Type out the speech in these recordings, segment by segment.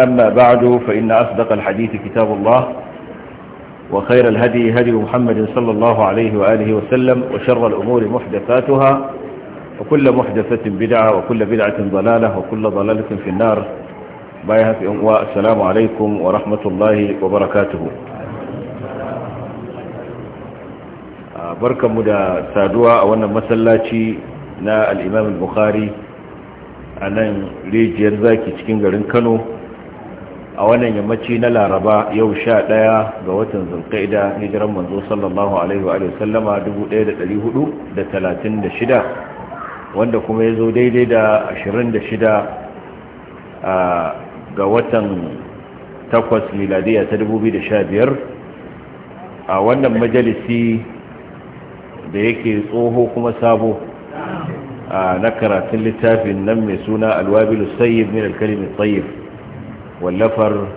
أما بعد فإن أصدق الحديث كتاب الله وخير الهدي هدي محمد صلى الله عليه وآله وسلم وشر الأمور محدثاتها وكل محدثة بدعة وكل بدعة ضلالة وكل ضلالة في النار بايها في أمواء السلام عليكم ورحمة الله وبركاته barkanmu da saduwa a wannan masallaci na al'imam al-bukhari a nan rijiyar zaki cikin garin kano a wannan yammaci na laraba yau sha ɗaya ga watan zulkaida hijiran manzo sallallahu alaihi wa sallama 1436 wanda kuma ya zo daidai da 26 ga watan takwas miladiya ta 2015 a wannan majalisi da yake tsoho kuma sabo na karatun littafin nan mai suna alwabilu sayyid min alkalimin sayyid wallafar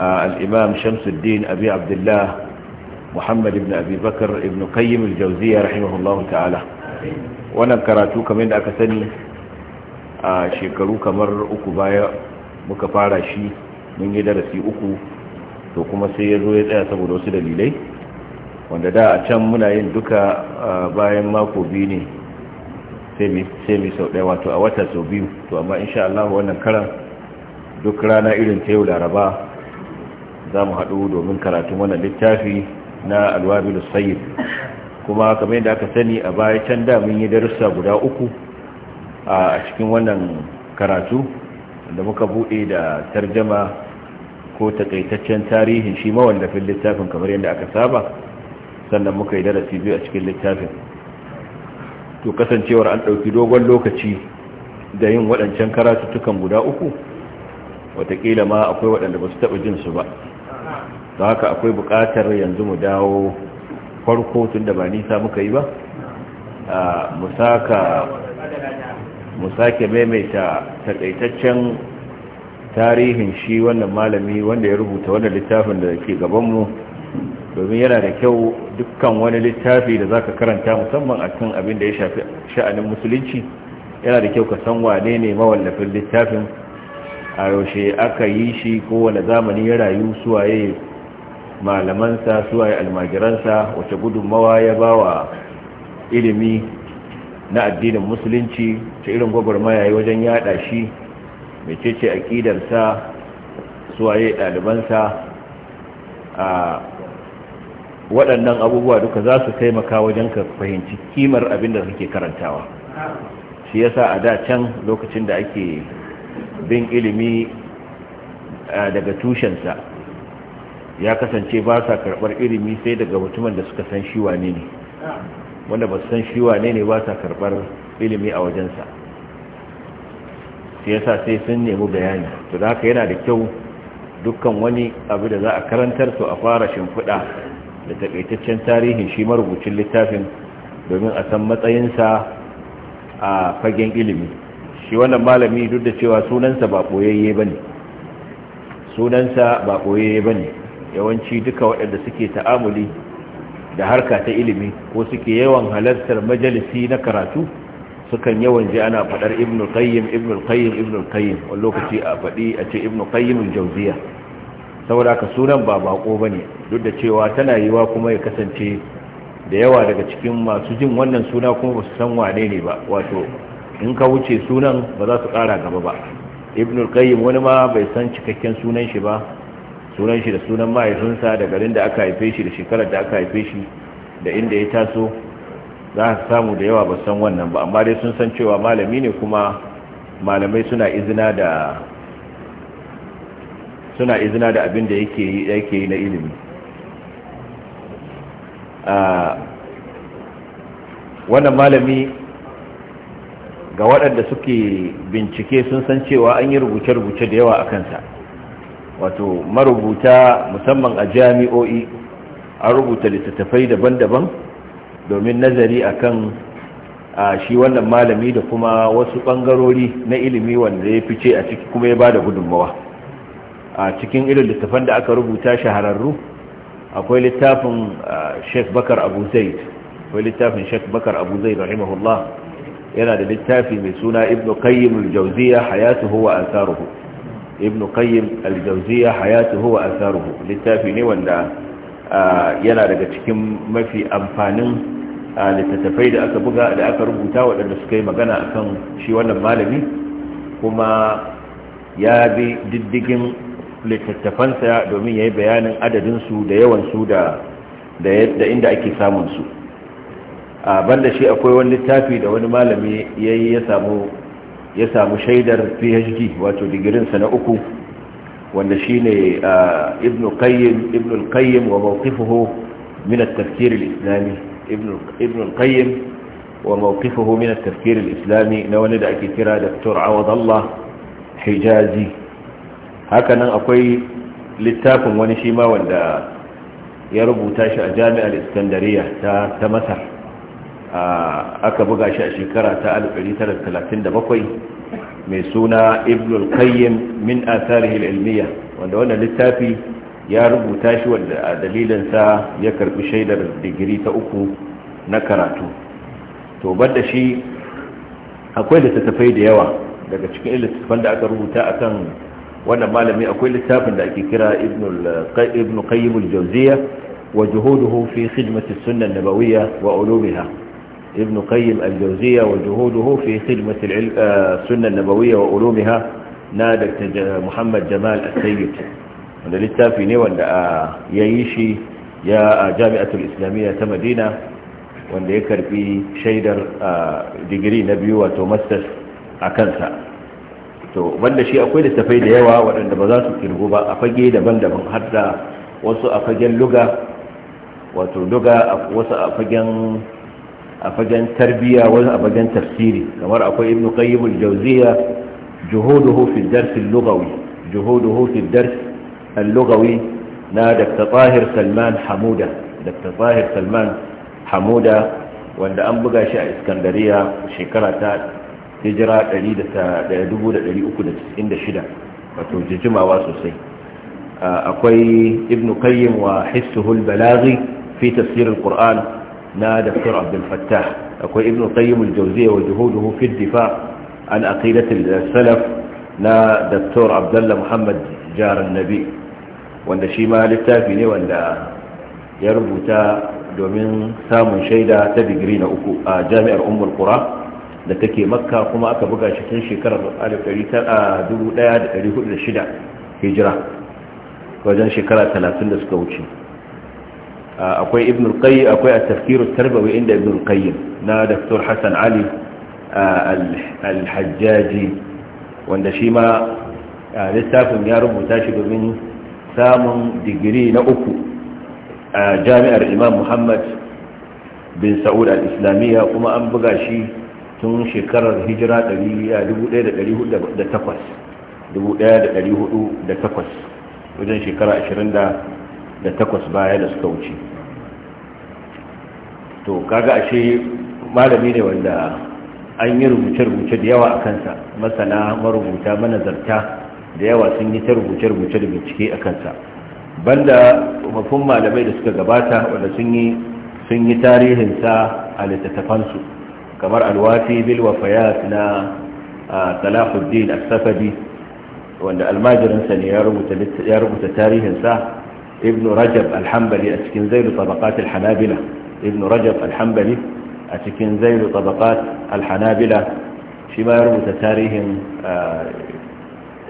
al'imam shamsuddin abi abdullah muhammad ibn abi bakar ibn Kayyim al rahimahullahu ta'ala wannan karatu kamar da aka sani a shekaru kamar uku baya muka fara shi mun yi darasi uku to kuma sai ya zo ya tsaya saboda wasu dalilai wanda da a can muna yin duka bayan mako biyu ne sai mai sau ɗaya wato a wata sau biyu to amma insha Allah wannan karan duk rana irin ta yau laraba za mu haɗu domin karatun wannan littafi na alwabil sayyid kuma kamar yadda aka sani a baya can da mun yi darussa guda uku a cikin wannan karatu da muka buɗe da tarjama ko takaitaccen tarihin shi mawallafin littafin kamar yadda aka saba sannan muka yi darasi biyu a cikin littafin to kasancewar an ɗauki dogon lokaci da yin waɗancan karatuttukan guda uku Wataƙila ma akwai waɗanda ba su taɓa jin su ba don haka akwai buƙatar yanzu mu dawo farko tun da ba nisa muka yi ba mu sake maimaita taƙaitaccen tarihin shi wannan malami wanda ya rubuta wannan littafin da ke gabanmu domin yana da kyau dukkan wani littafi da zaka karanta musamman a kan abin da ya shafi sha'anin musulunci yana da kyau ka san wane ne mawallafin littafin a yaushe aka yi shi kowane zamani ya rayu suwaye malamansa suwaye almajiransa wace gudunmawa ya ba wa ilimi na addinin musulunci ta irin gwagwarmaya ya wajen yada shi mecece sa suwaye ɗalibansa a waɗannan abubuwa duka za su taimaka wajen ka fahimci kimar abin da suke karantawa shi yasa a da can lokacin da ake bin ilimi daga tushensa ya kasance ba sa karɓar ilimi sai daga mutumin da suka san shi ne ne wanda ba su san shi ne ne ba sa karɓar ilimi a wajensa sai yasa sai sun nemi bayani to da haka yana da kyau dukkan wani abu da za a karantar su a fara shimfiɗa da taƙaitaccen tarihin shi marubucin littafin domin a san matsayinsa a fagen ilimi shi wannan malami duk da cewa sunansa ba koyayye ba ne sunansa ba koyayye ba ne yawanci duka waɗanda suke ta'amuli da harka ta ilimi ko suke yawan halartar majalisi na karatu sukan yawan ji ana faɗar ibn qayyim ibn qayyim ibn qayyim wani lokaci a faɗi a ce ibn qayyim jauziya saboda ka sunan ba bako ba ne duk da cewa tana yiwa kuma ya kasance da yawa daga cikin masu jin wannan suna kuma ba su san wane ne ba wato in ka wuce sunan ba za su ƙara gaba ba ibn al-qayyim wani ma bai san cikakken sunan shi ba sunan shi da sunan mahaifinsa da garin da aka haife shi da shekarar da aka haife shi da inda ya taso za su samu da yawa ba san wannan ba amma dai sun san cewa malami ne kuma malamai suna izina da suna izina da abin da yake yake yi na ilimi ah, wannan malami ga waɗanda suke bincike sun san cewa an yi rubuce-rubuce da yawa a kansa wato marubuta musamman a jami'o'i an rubuta littattafai daban-daban domin nazari akan a shi wannan malami da kuma wasu ɓangarori na ilimi wanda ya fice a ciki kuma ya ba da gudunmawa a cikin irin littattafan da aka rubuta shahararru akwai littafin sheik bakar abu zaid akwai bakar abu rahimahullah yana da littafi mai suna ibn qayyim al-jawziya hayatuhu wa atharuhu ibn qayyim al-jawziya hayatuhu wa atharuhu littafi ne wanda yana daga cikin mafi amfanin littattafai da aka buga da aka rubuta waɗanda suka yi magana akan shi wannan malami kuma ya bi diddigin littattafansa domin ya yi bayanin adadinsu da yawansu da inda ake samun su. a banda shi akwai wani littafi da wani malami ya samu ya samu shaidar PhD wato digirin na uku wanda shi ne Qayyim Ibn qayyim wa mawqifuhu min tafkir al-islami wa tafkir al-islami na wani da ake kira Dr. Awad Hijazi hakanan akwai littafin wani shi ma wanda ya rubuta shi a Jami'ar Iskandariya ta ta Masar aka buga shi a shekara ta 1937 mai suna ibn qayyim min asarihi al-ilmiya wanda wannan littafi ya rubuta shi wanda a dalilinsa ya karbi shaidar digiri ta uku na karatu to da shi akwai littattafai da yawa daga cikin littattafan da aka rubuta kan wannan malami akwai littafin da ake kira ibn qayyim jauziya jawziya wa juhuduhu fi khidmati as wa ulumiha ابن قيم الجوزية وجهوده في خدمة السنة النبوية وعلومها نادى محمد جمال littafi ne wanda uh, ya yi shi ya a uh, jami'atul islamiyya ta madina wanda ya karbi shaidar uh, digiri na biyu wato masters a kansa to banda shi akwai littafai da yawa waɗanda ba za su kirgu ba a fage daban-daban har da wasu a fagen luga wato luga wasu a fagen a fagen tarbiya wani a fagen tafsiri kamar akwai ibnu qayyim al-jawziya juhuduhu fi ad-dars al-lughawi juhuduhu fi ad-dars al-lughawi na dr tahir salman hamuda dr tahir salman hamuda wanda an buga shi a iskandariya shekara ta hijira 1396 wato jijimawa sosai akwai ibnu qayyim wa hissuhu al-balaghi fi tafsir al-qur'an na dr abdulfattah akwai ibn qayyim al-jawziyya wa juhuduhu fi difa an aqidatil salaf na dr abdullah muhammad jaran nabi wanda shi ma littafi ne wanda ya rubuta domin samun shaida ta digiri na uku a jami'ar ummul qura da take makka kuma aka buga shi tun shekarar 1406 hijira wajen shekara 30 da suka wuce akwai ibn al-qayyim akwai at-tafsir at-tarbawi inda ibn al na daktar hasan ali al-hajjaji wanda shi ma littafin ya rubuta shi domin samun digiri na uku a jami'ar imam muhammad bin sa'ud al-islamiyya kuma an buga shi tun shekarar hijira 1408 wajen shekara da takwas baya da suka wuce to kaga ashe malami ne wanda an yi rubuce-rubuce da yawa a kansa masana marubuta manazarta da yawa sun yi ta rubuce-rubuce da bincike a kansa banda mafin malamai da suka gabata wanda sun yi tarihinsa a littattafansu kamar alwafi bilwafayat na salahuddin a safadi wanda almajirinsa ne ya rubuta tarihinsa ابن رجب الحنبلي أتكنزي لطبقات الحنابلة ابن رجب الحنبلي أتكنزي لطبقات الحنابلة فيما يرمو تتاريهم آه،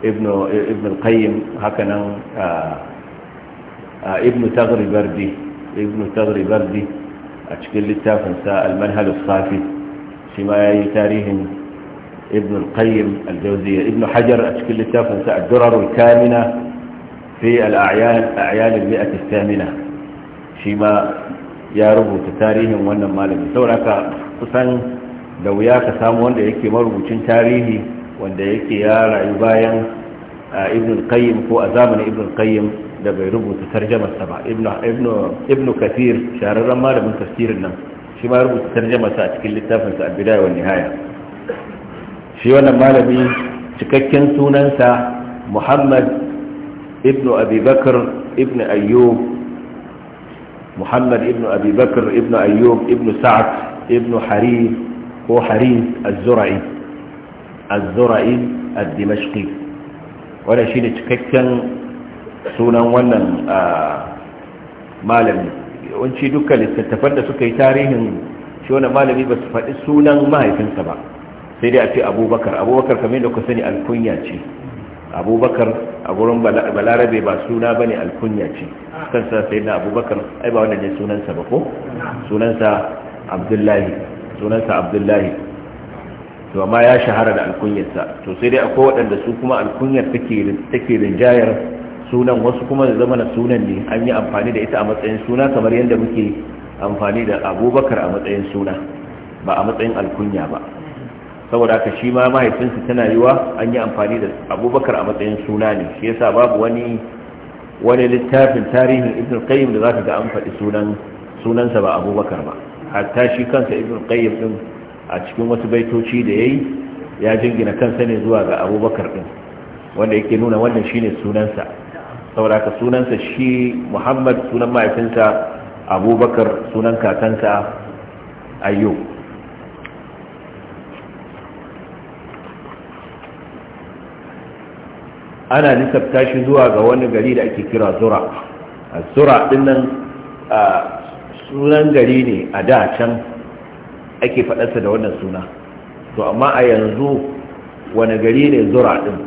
ابن, ابن القيم هكنا آه، آه، ابن تغري بردي ابن تغري بردي أتكن للتافنساء المنهل الصافي فيما يأي تاريهم ابن القيم الجوزية ابن حجر أتكن للتافنساء الدرر الكامنة في الأعيان أعيان المئة الثامنة شما يا رب تاريهم وانا kusan da wuya ka ياك wanda yake marubucin tarihi wanda yake ya rayu bayan ibn qayyim ko a zamanin ibn qayyim da bai rubuta tarjamarsa ba ibn kathir shahararren malamin tafsirin nan shi ma rubuta tarjamarsa a cikin littafinsa albidaya wa nihaya shi wannan malami cikakken sunansa muhammad ابن أبي بكر ابن أيوب محمد ابن أبي بكر ابن أيوب ابن سعد ابن حريث هو حريث الزرعي الزرعي الدمشقي ولا شيء تككن سونا ونن malami yawanci dukkan littattafan da suka yi tarihin shi wani ba su faɗi sunan mahaifinsa ba sai dai a ce abubakar abubakar kamar da ku sani alkunya ce abubakar a gurin balarabe ba suna ba ne alkunya ce kansa sai na abubakar ai ba wanda ne sunansa ba ko sunansa abdullahi sunansa abdullahi to amma ya shahara da alkunyarsa to sai dai akwai waɗanda su kuma alkunyar take rinjayar sunan wasu kuma da zama sunan ne an yi amfani da ita a matsayin suna kamar yadda muke amfani da abubakar a matsayin suna ba a matsayin alkunya ba saboda haka shi ma mahaifinsa tana yiwa an yi amfani da abubakar a matsayin suna ne shi yasa babu wani wani littafin tarihin ibn qayyim da zaka ga an faɗi sunan sunansa ba abubakar ba hatta shi kansa ibn qayyim din a cikin wasu baitoci da yayi ya jingina kansa ne zuwa ga abubakar din wanda yake nuna wannan shine sunansa saboda haka sunansa shi muhammad sunan mahaifinsa abubakar sunan kakansa ayyub ana nisabta shi zuwa ga wani gari da ake kira zura a zura dinnan a sunan gari ne a da can ake faɗarsa da wannan suna to amma a yanzu wani gari ne zura din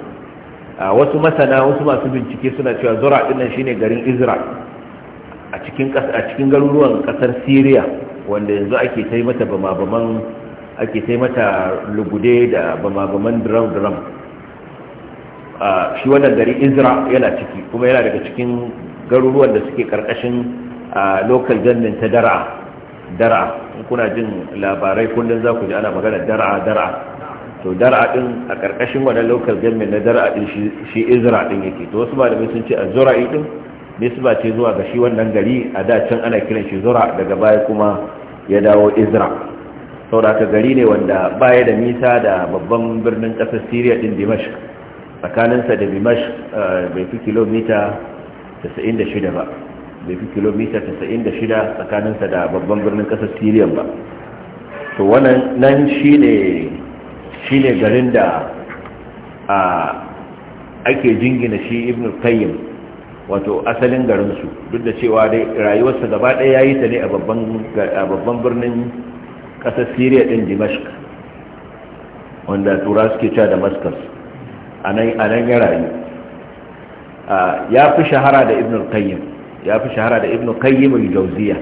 a wasu masana wasu masu bincike suna cewa zura dinnan shine garin israel a cikin a cikin garuruwan kasar syria wanda yanzu ake tai bama-baman ake taimata lugude da bama-baman drum-drum shi wannan gari izra yana ciki kuma yana daga cikin garuruwan da suke karkashin local government ta dara dara kuna jin labarai kullum za ku ji ana magana dara dara to dara din a karkashin wannan local government na dara din shi izra din yake to wasu malamai sun ce a ne din ba ce zuwa ga shi wannan gari a da can ana kiran shi zura daga baya kuma ya dawo izra saboda ka gari ne wanda baya da nisa da babban birnin kasar syria din dimashq tsakaninsa da dimash eh, bai fi kilomita 96 ba bai fi kilomita 96 tsakaninsa da babban birnin kasar syria ba to wannan nan shi ne garin da ake jingina shi ibn qayyim wato asalin garinsu duk da cewa dai rayuwarsa gaba ɗaya ya yi ta ne a babban birnin kasar syria ɗin dimashq wanda tura suke cewa damascus a nan ya rayu ya fi shahara da ibn al-qayyim ya fi shahara da ibn qayyim al-jawziya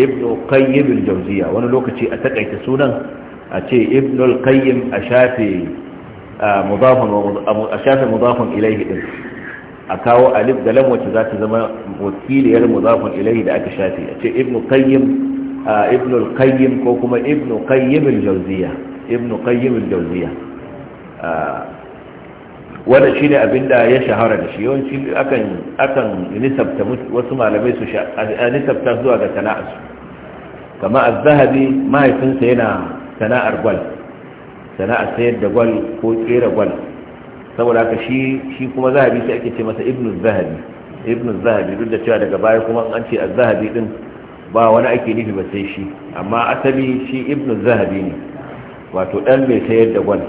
ibn qayyim al-jawziya wani lokaci a takaita sunan a ce ibn al-qayyim a shafe mudafun a shafe din a kawo alif da lam wacce za ta zama wakiliyar mudafun ilaihi da aka shafe a ce ibn qayyim ibn al-qayyim ko kuma ibn qayyim al-jawziya ibn qayyim al-jawziya wannan shine abin da ya shahara da shi yawanci akan akan nisabta wasu malamai su nisabta zuwa ga sana'arsu kama zahabi mahaifinsa yana sana'ar gwal sana'ar sayar da gwal ko tsere gwal saboda haka shi shi kuma zahabi sai ake ce masa ibnu zahabi ibnu zahabi duk da cewa daga baya kuma an ce a zahabi din ba wani ake nufi ba sai shi amma asali shi ibnu zahabi ne wato dan mai sayar da gwal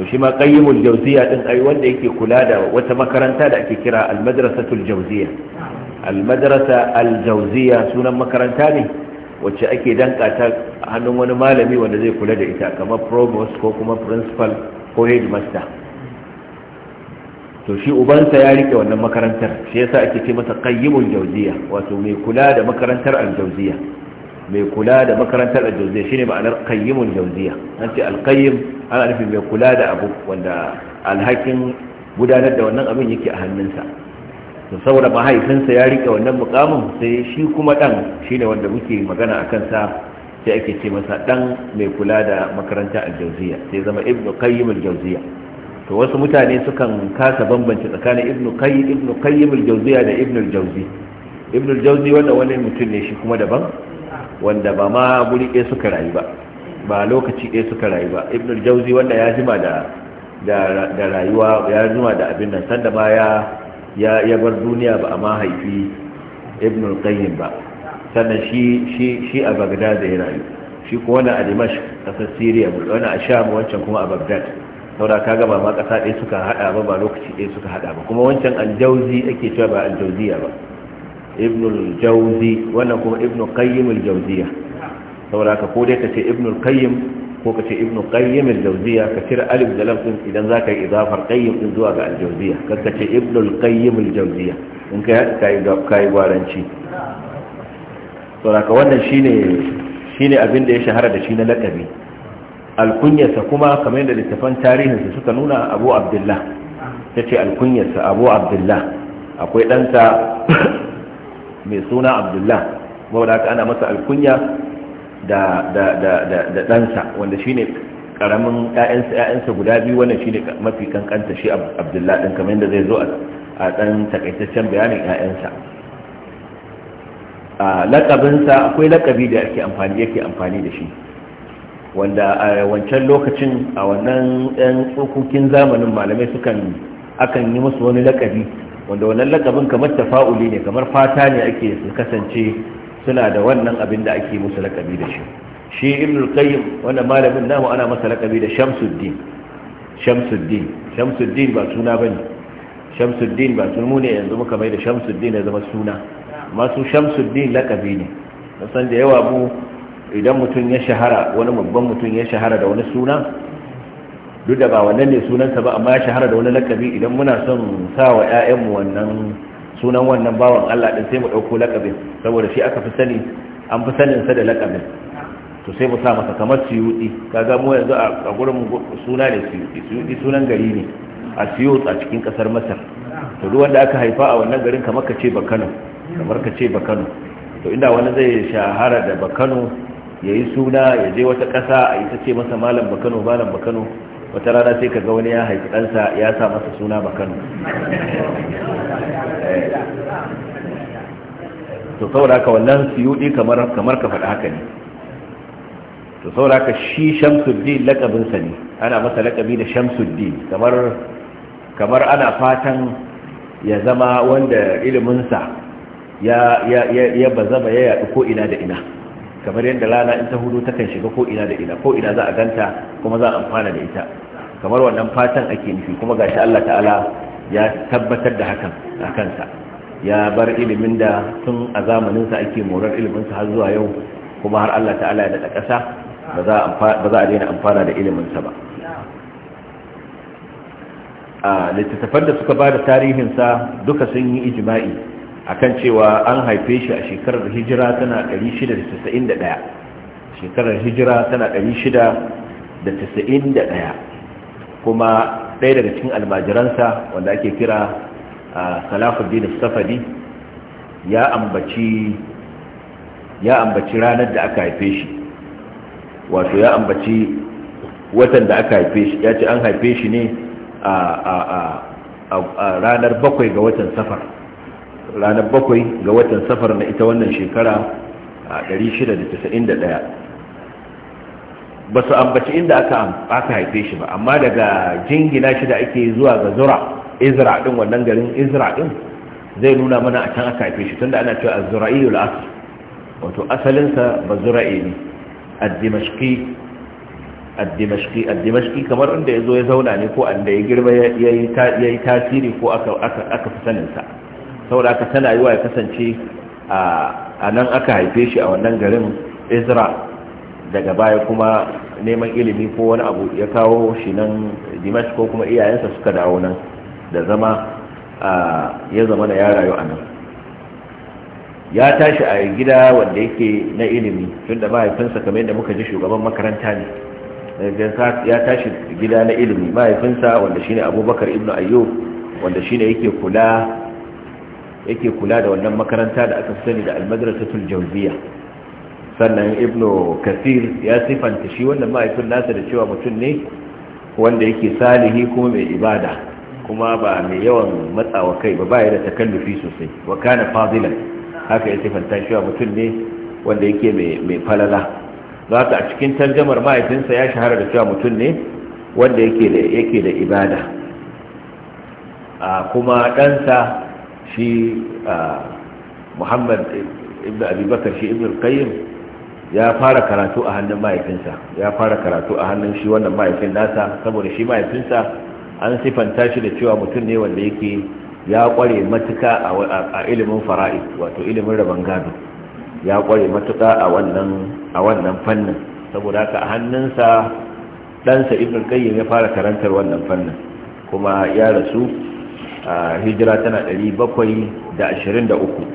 to shi ma qayyimul jawziya din ai wanda yake kula da wata makaranta da ake kira al-madrasatul jawziya al-madrasa al-jawziya sunan makaranta ne wacce ake danka ta hannun wani malami wanda zai kula da ita kamar provost ko kuma principal ko headmaster to shi ubansa ya rike wannan makarantar shi yasa ake ce masa qayyimul jawziya wato mai kula da makarantar al-jawziya mai kula da makarantar al-jawziya shine ma'anar qayyimul jawziya an ce al-qayyim ana nufin mai kula da abu wanda alhakin gudanar da wannan abin yake a hannunsa to saboda mahaifinsa ya rike wannan mukamin sai shi kuma dan shi ne wanda muke magana a kansa sai ake ce masa dan mai kula da makaranta a jauziya sai zama ibnu qayyim jauziya to wasu mutane sukan kasa bambanci tsakanin ibnu qayyim ibn qayyim jauziya da ibnu ibn al jauzi wanda wani mutum ne shi kuma daban wanda ba ma guri suka rayu ba ba lokaci ɗaya suka rayu ba ibn jauzi wanda ya jima da da rayuwa ya jima da abin nan sanda ma ya ya bar duniya ba amma haifi ibn qayyim ba sannan shi shi shi a bagdad ya rayu shi ko wanda a dimashq kasar syria wani a sham wancan kuma a bagdad saura kaga ba ma kasa ɗaya suka haɗa ba ba lokaci ɗaya suka hada ba kuma wancan aljauzi ake cewa ba aljauziya ba ibn al-jauzi wannan kuma ibn qayyim al-jauziya saboda ka ko dai ka ce ibnul qayyim ko ka ce ibnul qayyim al-jawziya ka cire alif da lam din idan zaka yi idafar qayyim din zuwa ga al-jawziya kar ka ce ibnul qayyim al-jawziya in ka haka kai ga kai gwaranci saboda ka wannan shine shine abin da ya shahara da shi na lakabi alkunyarsa kuma kamar yadda littafan tarihinsa suka nuna abu abdullah ta ce alkunyarsa abu abdullah akwai danta mai suna abdullah wadda aka ana masa alkunya da da da da ɗansa wanda shine karamin ƴaƴansa ƴaƴansa guda biyu wannan shine mafi kankanta shi Abdullah din kamar yadda zai zo a dan takaitaccen bayanin ƴaƴansa a lakabinsa akwai lakabi da ake amfani yake amfani da shi wanda a wancan lokacin a wannan ɗan tsokokin zamanin malamai sukan akan yi musu wani lakabi wanda wannan lakabin kamar tafa'uli ne kamar fata ne ake su kasance suna da wannan abin da ake musu lakabi da shi shi ibn al-qayyim wannan malamin namu ana masa lakabi da shamsuddin shamsuddin shamsuddin ba suna bane shamsuddin ba sunan ne yanzu muka mai da shamsuddin ya zama suna masu shamsuddin lakabi ne san da yawa mu idan mutum ya shahara wani babban mutum ya shahara da wani suna duk da ba wannan ne sunansa ba amma ya shahara da wani lakabi idan muna son sa wa 'ya'yanmu wannan sunan wannan bawan Allah din sai mu dauko lakabin saboda shi aka fi sani an fi sanin sa da lakabin to sai mu sa masa kamar ka kaga mu yanzu a gurin suna ne suyuti suyuti sunan gari ne a suyut a cikin kasar Masar to duk wanda aka haifa a wannan garin kamar ka ce Bakano kamar ka ce Bakano to inda wani zai shahara da Bakano yayi suna ya je wata kasa a yi ta ce masa malam Bakano malam Bakano wata rana sai kaga wani ya haifi ɗansa ya sa masa suna bakano eh. to saboda haka wannan siyudi kamar ka faɗi haka ne to saboda haka shi shamsuddin lakabinsa ne ana masa lakabi da shamsuddin kamar kamar ana fatan ya zama wanda iliminsa ya ya ya yaɗu ko ina da ina kamar yadda rana in ta hudu ta kan shiga ko ina da ina ko ina za a ganta kuma za a amfana da ita kamar wannan fatan ake nufi kuma ga shi Allah ta'ala ya tabbatar da hakan a kansa ya bar ilimin da tun a zamanin zamaninsa ake morar iliminsa har zuwa yau kuma har Allah ta'ala ya daɗa ƙasa ba za a daina amfana da iliminsa ba a littattafan da suka ba da sa duka sun yi ijima'i akan cewa an haife shi a shekarar hijira tana 691 shekarar hijira tana 691 kuma ɗaya daga cikin almajiransa wanda ake kira salafuddin safadi ya ya ambaci ranar da aka haife shi wato ya ambaci watan da aka haife shi ya ce an haife shi ne a ranar bakwai ga watan safar ranar bakwai ga watan safar na ita wannan shekara a 691 ba su ambaci inda aka haife shi ba amma daga jingina shi da ake zuwa ga zura izra din wannan garin izra din zai nuna mana a can aka haife shi tunda ana cewa azura'iyul asr wato asalinsa ba zura'i ne a dimashqi kamar inda ya zo ya zauna ne ko inda ya girma yayi tasiri ko aka fi saninsa. saboda aka tana yiwa ya kasance a nan aka haife shi a wannan garin izra daga baya kuma neman ilimi ko wani abu ya kawo shi nan dimash ko kuma iyayensa suka dawo nan da zama ya zama da ya rayu a nan ya tashi a gida wanda yake na ilimi tun da mahaifinsa kamar yadda muka ji shugaban makaranta ne ya tashi gida na ilimi mahaifinsa wanda shine abubakar ibnu ayyub wanda shine yake kula yake kula da wannan makaranta da aka sani da almadrasatul jawziya sannan ibnu kasir ya sifanta shi wannan mahaifin nasa da cewa mutum ne wanda yake salihi kuma mai ibada kuma ba mai yawan matsawa kai ba baya da takallufi sosai wa kana fadilan haka ya sifanta cewa mutum ne wanda yake mai falala za a cikin tarjamar mahaifinsa ya shahara da cewa mutum ne wanda yake da ibada a kuma ɗansa shi muhammad ibn abubakar shi ibn qayyim ya fara karatu a hannun mahaifinsa ya fara karatu a hannun shi wannan mahaifin nasa saboda shi mahaifinsa an sifanta shi da cewa mutum ne wanda yake ya kware matuka a ilimin fara'id wato ilimin rabon gado ya kware matuka a wannan a wannan fannin saboda haka a hannunsa ɗansa ibn qayyim ya fara karantar wannan fannin kuma ya rasu hijira tana 723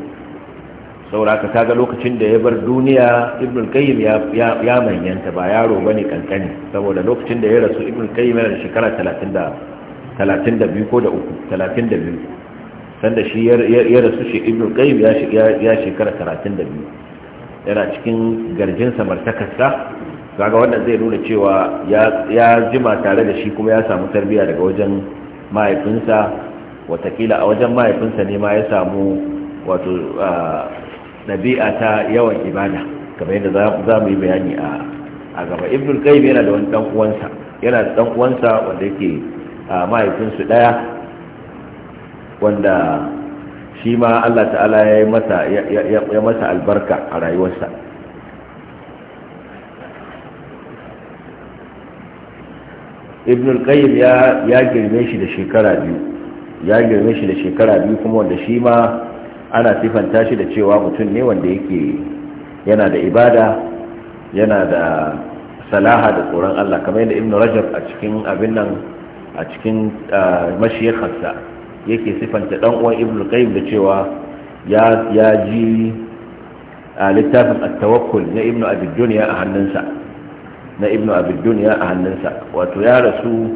sauraka kaga lokacin da ya bar duniya ibn Kayyim ya manyanta ba yaro bane kankani saboda lokacin da ya rasu ibn kayyim yana da shekara 32 ko da 3 32 sanda shi ya rasu shi ibn Kayyim ya shekara 32 yana cikin garjin samartakarsa kaga wannan zai nuna cewa ya jima tare da shi kuma ya samu tarbiya daga wajen mahaifinsa watakila a wajen mahaifinsa ne ma ya samu wato ɗabi'a ta yawan ibada kamar yadda za mu yi bayani a gaba ibn qayyim yana da wani dan uwansa yana da wanda yake mahaifinsu daya wanda shi ma Allah ta'ala ya masa masa albarka a rayuwarsa ibn qayyim ya girme shi da shekara biyu ya girme shi da shekara biyu kuma wanda shi ma ana sifanta shi da cewa mutum ne wanda yake yana da ibada yana da salaha da tsoron Allah kamar yadda ibn rajab a cikin abin nan a cikin mashiyarsa yake sifanta dan uwan ibn qayyim da cewa ya ya ji littafin at-tawakkul na ibn abi dunya a hannunsa na ibn abi dunya a hannunsa wato ya rasu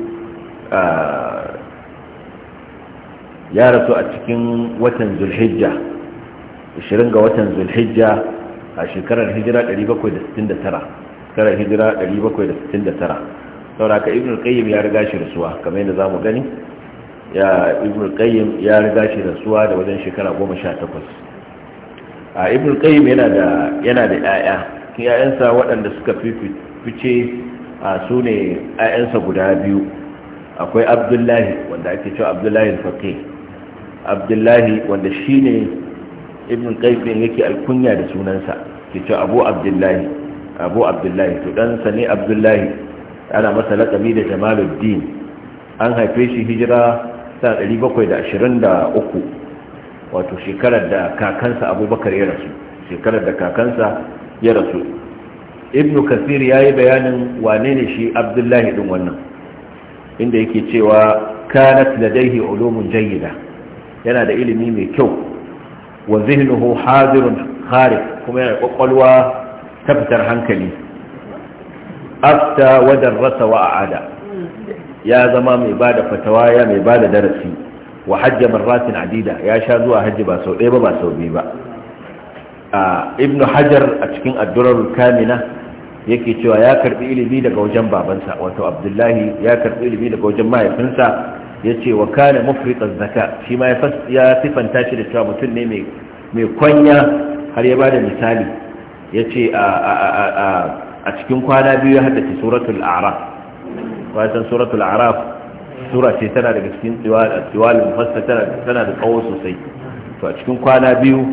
ya rasu a cikin watan zulhijja 20 ga watan zulhijja a shekarar hijira 769 shekarar hijira 769 sauraka ibn qayyim ya riga shi rasuwa kamar yadda zamu gani ya ibn qayyim ya riga shi rasuwa da wajen shekara 18 a ibn qayyim yana da yana da yaya yayansa waɗanda suka fice a su ne yayansa guda biyu akwai abdullahi wanda ake cewa abdullahi faqih abdullahi wanda shi ne ibn kaifin yake alkunya da sunansa ke ce abu abdullahi abu abdullahi to ɗansa ne abdullahi ana masa laƙabi da jamaluddin an haife shi hijira ta 723 wato shekarar da kakansa abubakar ya rasu shekarar da kakansa ya rasu ibn kasir ya yi bayanin wane ne shi abdullahi ɗin wannan inda yake cewa kanat ladaihi ulumun jayyida yana da ilimi mai kyau wa zihnuhu hadirun kharif kuma yana kwakwalwa ta fitar hankali afta wa darrasa wa a'ada ya zama mai bada fatawa ya mai bada darasi wa hajja marratin adida ya sha zuwa hajji ba sau ɗaya ba ba sau biyu ba ibnu hajar a cikin addurar kamina yake cewa ya karbi ilimi daga wajen babansa wato abdullahi ya karbi ilimi daga wajen mahaifinsa ya ce wa kana mafriƙar zaka shi ma ya sifanta shi da cewa mutum ne mai kwanya har ya ba da misali ya ce a cikin kwana biyu ya haddace suratul araf wajen suratul araf sura ce tana daga cikin tsiwalin fasta tana da tsawo sosai to a cikin kwana biyu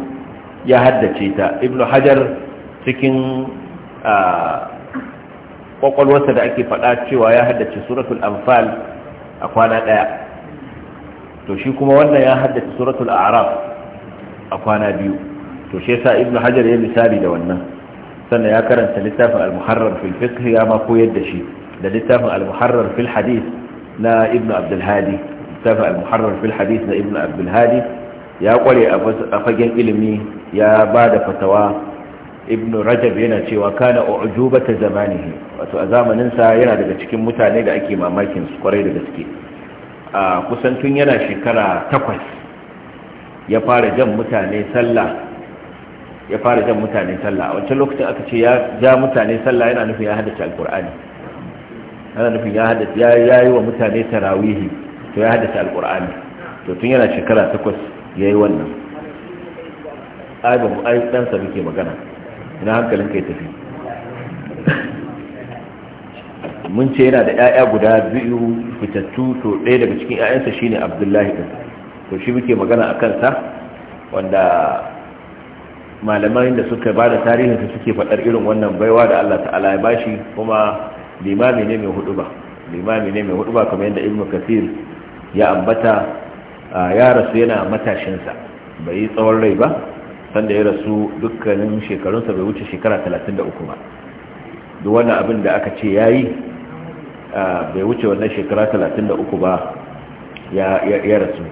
ya haddace ta ibnu hajar cikin kwakwalwarsa da ake faɗa cewa ya haddace suratul anfal a kwana ɗaya to shi kuma wannan ya haddace suratul a'raf a kwana biyu to shi yasa ibnu hajar ya misali da wannan sannan ya karanta littafin al-muharrar fil fiqh ya ma koyar da shi da littafin al-muharrar fil hadith na ibnu abdul hadi littafin al-muharrar fil hadith na ibnu abdul hadi ya kware a fagen ilimi ya ba da fatawa ibn rajab yana cewa kana ujubata zamanihi wato a zamanin sa yana daga cikin mutane da ake mamakin su kwarai da gaske a kusan tun yana shekara takwas ya fara jan mutane sallah ya fara jan mutane sallah a wancan lokacin aka ce ya ja mutane sallah yana nufin ya haddace alqur'ani yana nufin ya haddace ya yi wa mutane tarawihi to ya haddace alqur'ani to tun yana shekara takwas yayi wannan ai ba mu ai dan sa muke magana ina hankalin kai tafi mun ce yana da 'ya'ya guda biyu fitattu to ɗaya daga cikin 'ya'yansa shine abdullahi ɗin to shi muke magana a kansa wanda malamai da suka ba da tarihinsa suke faɗar irin wannan baiwa da allah ta'ala ya bashi kuma limami ne mai hudu ba limami ne mai hudu ba kamar yadda ibn kasir ya ambata ya rasu yana matashinsa bai yi tsawon rai ba sanda ya rasu dukkanin shekarunsa bai wuce shekara 33 ba duk wani abin da aka ce ya yi bai wuce wannan shekara 33 ba ya rasu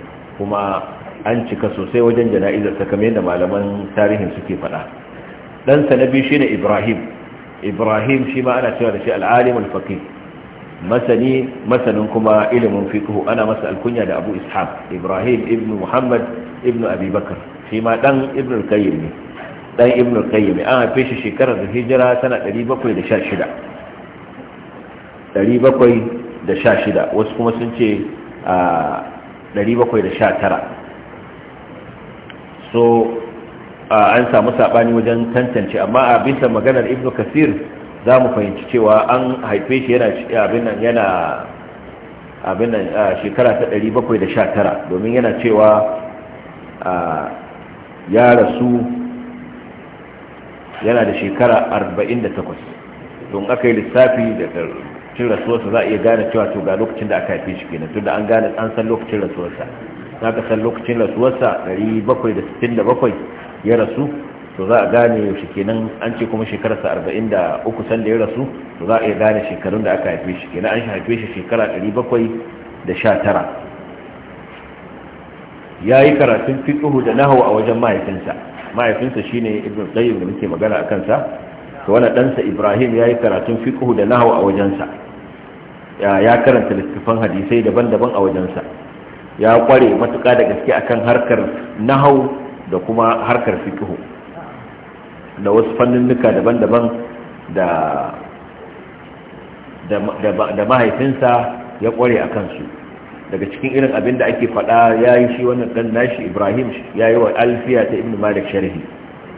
kuma an cika sosai wajen jana'izar kamar yadda malaman tarihin suke faɗa ɗansa na biyu shi ne ibrahim ibrahim shi ma ana cewa da shi al'alim al-faqih masani masanin kuma ilimin fiqh ana masa alkunya da abu ishaq ibrahim ibnu muhammad ibnu abi bakr shi ma dan ibnu kayyim ne dan ibn kayyim an haife shi shekarar da hijira sana 716 716 wasu kuma sun ce a 719 so an samu sabani wajen tantance amma a bisa maganar ibnu kasir za mu fahimci cewa an haife shi yana abin nan yana abin nan shekara ta 719 domin yana cewa ya rasu yana da shekara 48 don aka yi lissafi da cin rasuwarsa za a iya gane cewa to ga lokacin da aka haife shi kenan tunda an gane an san lokacin rasuwarsa za ka san lokacin rasuwarsa 767 ya rasu to za a gane yaushe kenan an ce kuma shekararsa 43 sanda ya rasu to za a iya gane shekarun da aka haife shi kenan an haife shi shekara 719 ya yi karatun fiqhu da nahwu a wajen mahaifinsa mahaifinsa shine ibn qayyim da muke magana a kansa to wani ɗansa ibrahim ya yi karatun fiqhu da nahwu a wajensa ya karanta littattafan hadisai daban-daban a wajensa ya ƙware matuƙa da gaske akan harkar nahau da kuma harkar fiqhu da wasu fanninnuka daban-daban da da mahaifinsa ya ƙware a kansu daga cikin irin abin da ake faɗa ya yi shi wannan ɗan nashi ibrahim ya yi wa alfiya ta ibn malik sharhi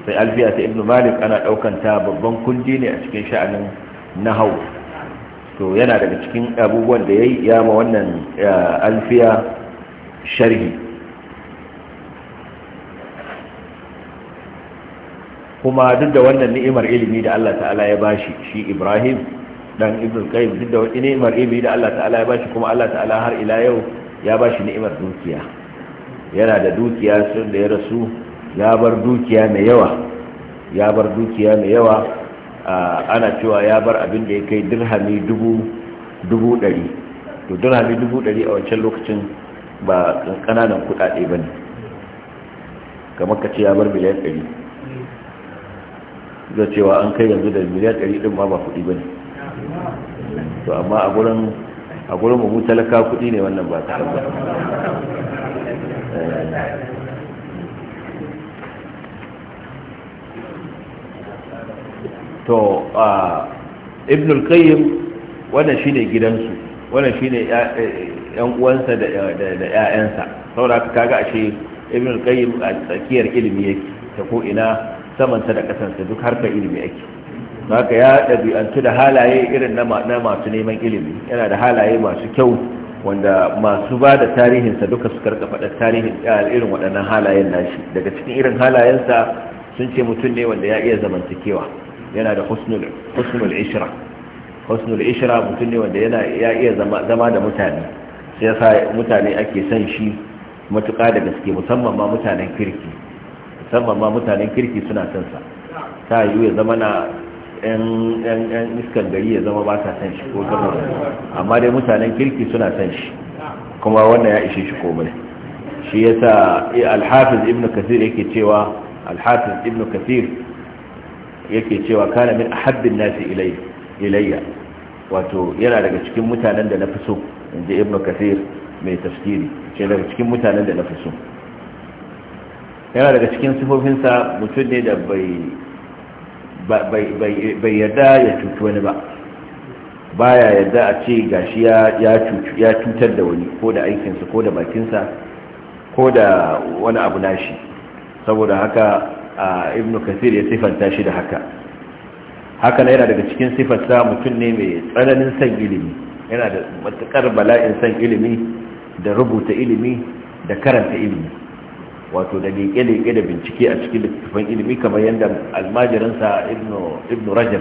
sai alfiya ta ibn malik ana ɗaukan ta babban kundi ne a cikin sha'anin nahau to yana daga cikin abubuwan da yayi ya ma wannan alfiya sharhi kuma duk da wannan ni'imar ilimi da allah ta'ala ya bashi shi ibrahim dan ibn qayyim da wani ni'imar ibi da Allah ta'ala ya bashi kuma Allah ta'ala har ila yau ya bashi ni'imar dukiya yana da dukiya sun da ya rasu ya bar dukiya mai yawa ya bar dukiya mai yawa ana cewa ya bar abin da ya kai dirhami dubu ɗari to dirhami dubu ɗari a wancan lokacin ba ƙananan kuɗaɗe ba ne kamar ka ce ya bar miliyan ɗari zai cewa an kai yanzu da miliyan ɗari ɗin ma ba kuɗi ba ne to amma a gurin a gurin mu talaka kuɗi ne wannan ba ta ba eh. to ibn al-qayyim wannan shine gidansu wannan shine eh, yan uwansa da da ƴaƴansa saboda kaga ashe ibn al-qayyim a tsakiyar ilimi yake ta ko ina saman ta da ƙasarsa duk harka ilimi yake haka ya ɗabi'antu da halaye irin na masu neman ilimi yana da halaye masu kyau wanda masu ba da tarihinsa duka su karka faɗa tarihin irin waɗannan halayen nashi daga cikin irin halayensa sun ce mutum ne wanda ya iya zamantakewa yana da husnul ishira husnul ishira mutum ne wanda ya iya zama da mutane sai yasa mutane ake son shi matuƙa da gaske musamman ma mutanen kirki musamman ma mutanen kirki suna son sa ta yiwu ya zama na 'yan iskan gari ya zama ba sa san shi ko saboda amma dai mutanen kirki suna san shi kuma wannan ya ishe shi komai shi ya sa alhafiz ibn kasir yake cewa alhafiz ibn kasir yake cewa kana min ahabbin nasi ilayya ilayya wato yana daga cikin mutanen da na fi so inji ibn kasir mai tafsiri ce daga cikin mutanen da na fi so yana daga cikin sifofinsa mutum ne da bai bai yarda ya cuci wani ba baya yarda a ce gashi ya cutar da wani ko da aikinsa ko da bakinsa ko da wani abu nashi saboda haka ibn kasir ya sifanta shi da haka haka na yana daga cikin sifarsa mutum ne mai tsananin san ilimi yana da matukar bala'in san ilimi da rubuta ilimi da karanta ilimi wato da leƙe-leƙe da bincike a cikin littattafan ilimi kamar yadda almajirinsa ibnu rajab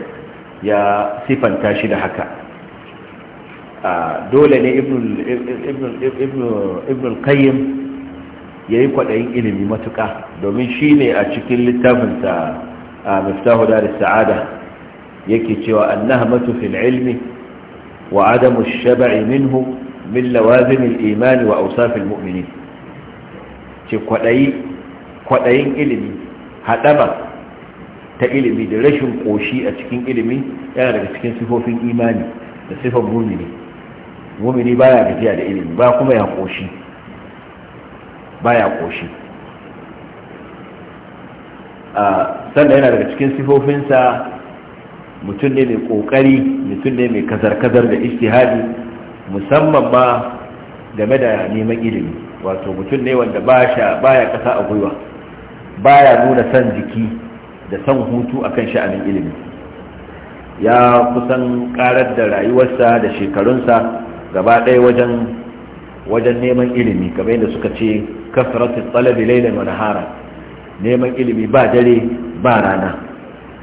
ya sifanta shi da haka dole ne ibnu kayyim ya yi kwaɗayin ilimi matuƙa domin shi ne a cikin littafinsa a miftahu da sa'ada yake cewa annahmatu fil ilmi wa adamu shaba'i minhu min lawazimil imani wa ausafil mu'minin ce kwaɗayi kwaɗayin ilimi haɗama ta ilimi da rashin ƙoshi a cikin ilimi yana daga cikin sifofin imani da sifar mumini mumini ya gajiya da ilimi ba kuma ya ƙoshi ba ya ƙoshi sannan yana daga cikin sifofinsa mutum ne mai ƙoƙari mutum ne mai kazar-kazar da istihadi musamman ma game da neman ilimi wato mutum ne wanda ba ya kasa a gwiwa ba ya nuna san jiki da san hutu a kan sha'anin ilimi ya kusan karar da rayuwarsa da shekarunsa gaba ɗaya wajen wajen neman ilimi kamar yadda suka ce kasratu tsalabi laila wa neman ilimi ba dare ba rana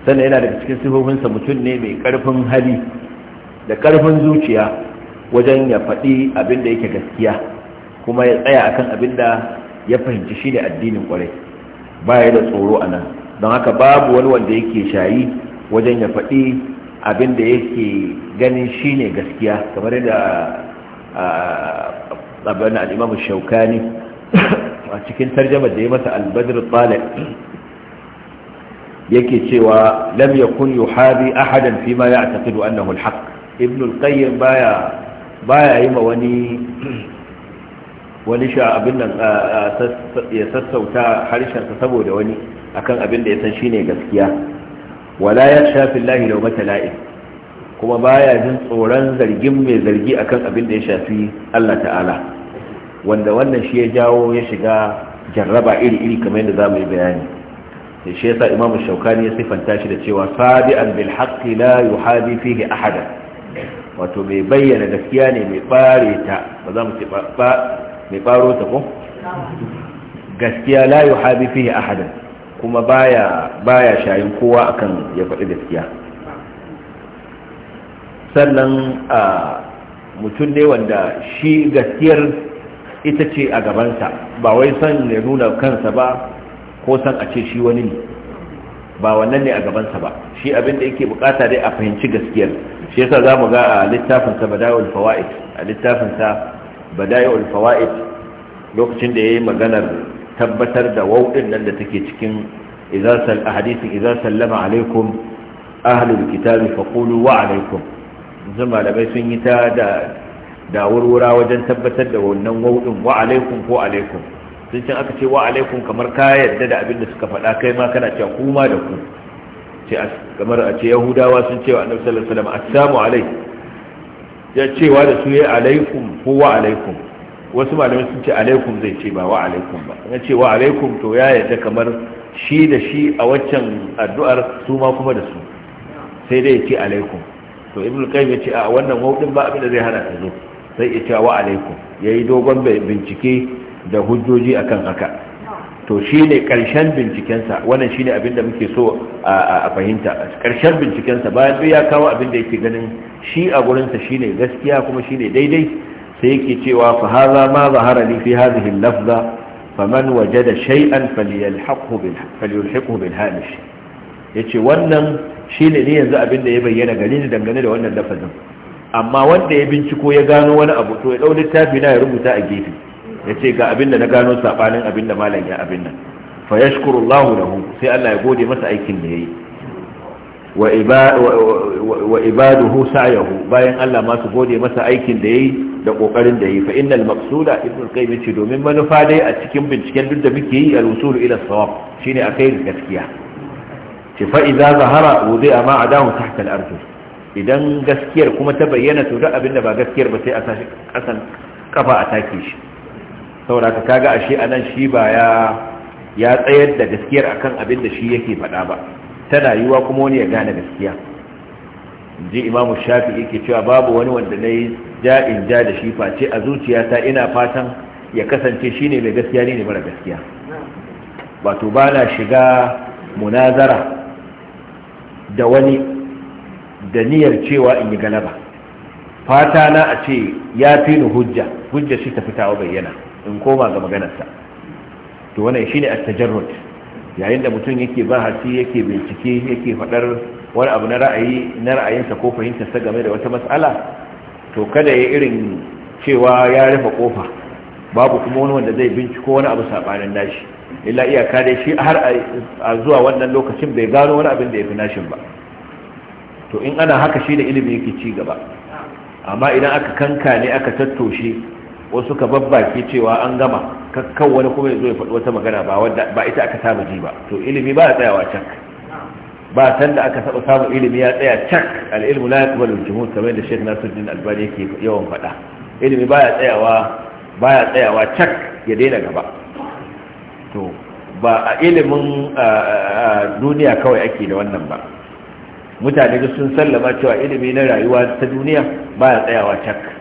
sannan yana daga cikin sifofinsa mutum ne mai karfin hali da karfin zuciya wajen ya faɗi abin da yake gaskiya kuma ya tsaya akan abin da ya fahimci shi ne addinin kwarai ba ya da tsoro a nan don haka babu wani wanda yake shayi wajen ya faɗi abin da yake ganin shi ne gaskiya kamar yadda abin al'imamu shaukani a cikin tarjamar da ya masa albadar tsalak yake cewa lam yakun yuhadi ahadan fi ma ya'taqidu annahu alhaq ibn al baya baya yi ma wani wani sha abin nan ya sassauta harshensa saboda wani akan abin da ya san shine gaskiya wala ya shafi lahi da mata kuma baya jin tsoron zargin mai zargi akan abin da ya shafi Allah ta'ala wanda wannan shi ya jawo ya shiga jarraba iri-iri kamar yadda za mu yi bayani da shi yasa imamu shaukani ya sifanta shi da cewa sabi'an bil haqqi la yuhadi fihi ahada wato mai bayyana gaskiya ne mai bare ta ba za mu ce mai faro ta ko gaskiya la yuhabi fihi ahadan kuma baya baya shayin kowa akan ya faɗi gaskiya sannan a mutum ne wanda shi gaskiyar ita ce a gabansa ba wai son ya nuna kansa ba ko son a ce shi wani ne ba wannan ne a gabansa ba shi abinda da yake bukata dai a fahimci gaskiyar shi yasa za mu ga a littafinsa ba badawul fawaid a littafinsa badai'ul fawaid lokacin da yayi maganar tabbatar da wawdin nan da take cikin idza sal ahadithu idza sallama alaikum ahlul kitabi faqulu wa alaikum zama da bai sun yi ta da da wurwura wajen tabbatar da wannan wawdin wa alaikum ko alaikum sun can aka ce wa alaikum kamar ka yadda da abin da suka faɗa kai ma kana cewa kuma da ku kamar a ce yahudawa sun ce wa annabi sallallahu alaihi wasallam assalamu alaikum ya cewa da su ya alaikum ko wa alaikum wasu malamai sun ce alaikum zai ce ba wa alaikum ba ya ce wa alaikum to ya yadda kamar shi da shi a waccan addu'ar su ma kuma da su sai dai ya ce alaikum to ibn qayyim ya ce a wannan wauɗin ba abin zai hana ta zo sai ya ce wa alaikum yayi dogon bincike da hujjoji akan haka to shi ne ƙarshen bincikensa wannan shi ne abinda muke so a fahimta ƙarshen bincikensa bayan ya kawo da yake ganin shi a gurinsa shi ne gaskiya kuma shi ne daidai sai yake cewa fa haza ma zahara li fi hadhihi lafza faman wajada shay'an falyalhaqhu bil falyulhiqhu bil hamish yace wannan shi ne ne yanzu abinda ya bayyana gare ni dangane da wannan lafazin amma wanda ya binciko ya gano wani abu to ya dau littafi na ya rubuta a gefe ya ce ga abin da na gano sabanin abin da malam ya abin nan fa yashkuru Allah lahu sai Allah ya gode masa aikin da ya yi wa ibaduhu sa'yahu bayan Allah masu gode masa aikin da yayi da kokarin da yayi fa innal maqsuda ibnu qayyim ce domin manufa dai a cikin binciken duk da muke yi al-wusul ila sawab shine akai gaskiya ce fa idza zahara wudi'a ma adahu tahta al-arjul idan gaskiyar kuma ta bayyana to duk abin da ba gaskiyar ba sai a sashi kasan kafa a take shi saboda ka kaga ashe anan shi ba ya ya tsayar da gaskiyar akan abin da shi yake faɗa ba tana yiwa kuma wani ya gane gaskiya ji imamu shafi yake cewa babu wani wanda na yi ja'in ja da shi face a zuciyata ina fatan ya kasance shi ne mai gaskiya ne mara gaskiya wato ba na shiga munazara da wani da niyyar cewa in yi galaba fata na a ce ya fi ni hujja hujja shi ta fitawa bayyana in koma ga maganarsa to wannan shine at-tajarrud yayin da mutum yake ba yake bincike yake faɗar wani abu na ra'ayi na ra'ayinsa ko fahimtar fahimtarsa game da wata matsala. to kada ya irin cewa ya rufe kofa babu kuma wani wanda zai binciko wani abu sabanin nashi illa iyaka dai shi har a zuwa wannan lokacin bai gano wani abin da ya fi nashin ba to in ana haka shi da ilimi yake ci gaba amma idan aka kanka ne aka tattoshe wasu ka ke cewa an gama kakkan wani kuma ya zo ya faɗi wata magana ba wadda ba ita aka samu ji ba to ilimi ba ya tsayawa cak ba san da aka saba samun ilimi ya tsaya cak al-ilmu la yaqbalu al-jumhur kamar da Sheikh Nasiruddin Albani yake yawan faɗa ilimi ba ya tsayawa ba ya tsayawa cak ya daina gaba to ba a ilimin duniya kawai ake da wannan ba mutane sun sallama cewa ilimi na rayuwa ta duniya ba ya tsayawa cak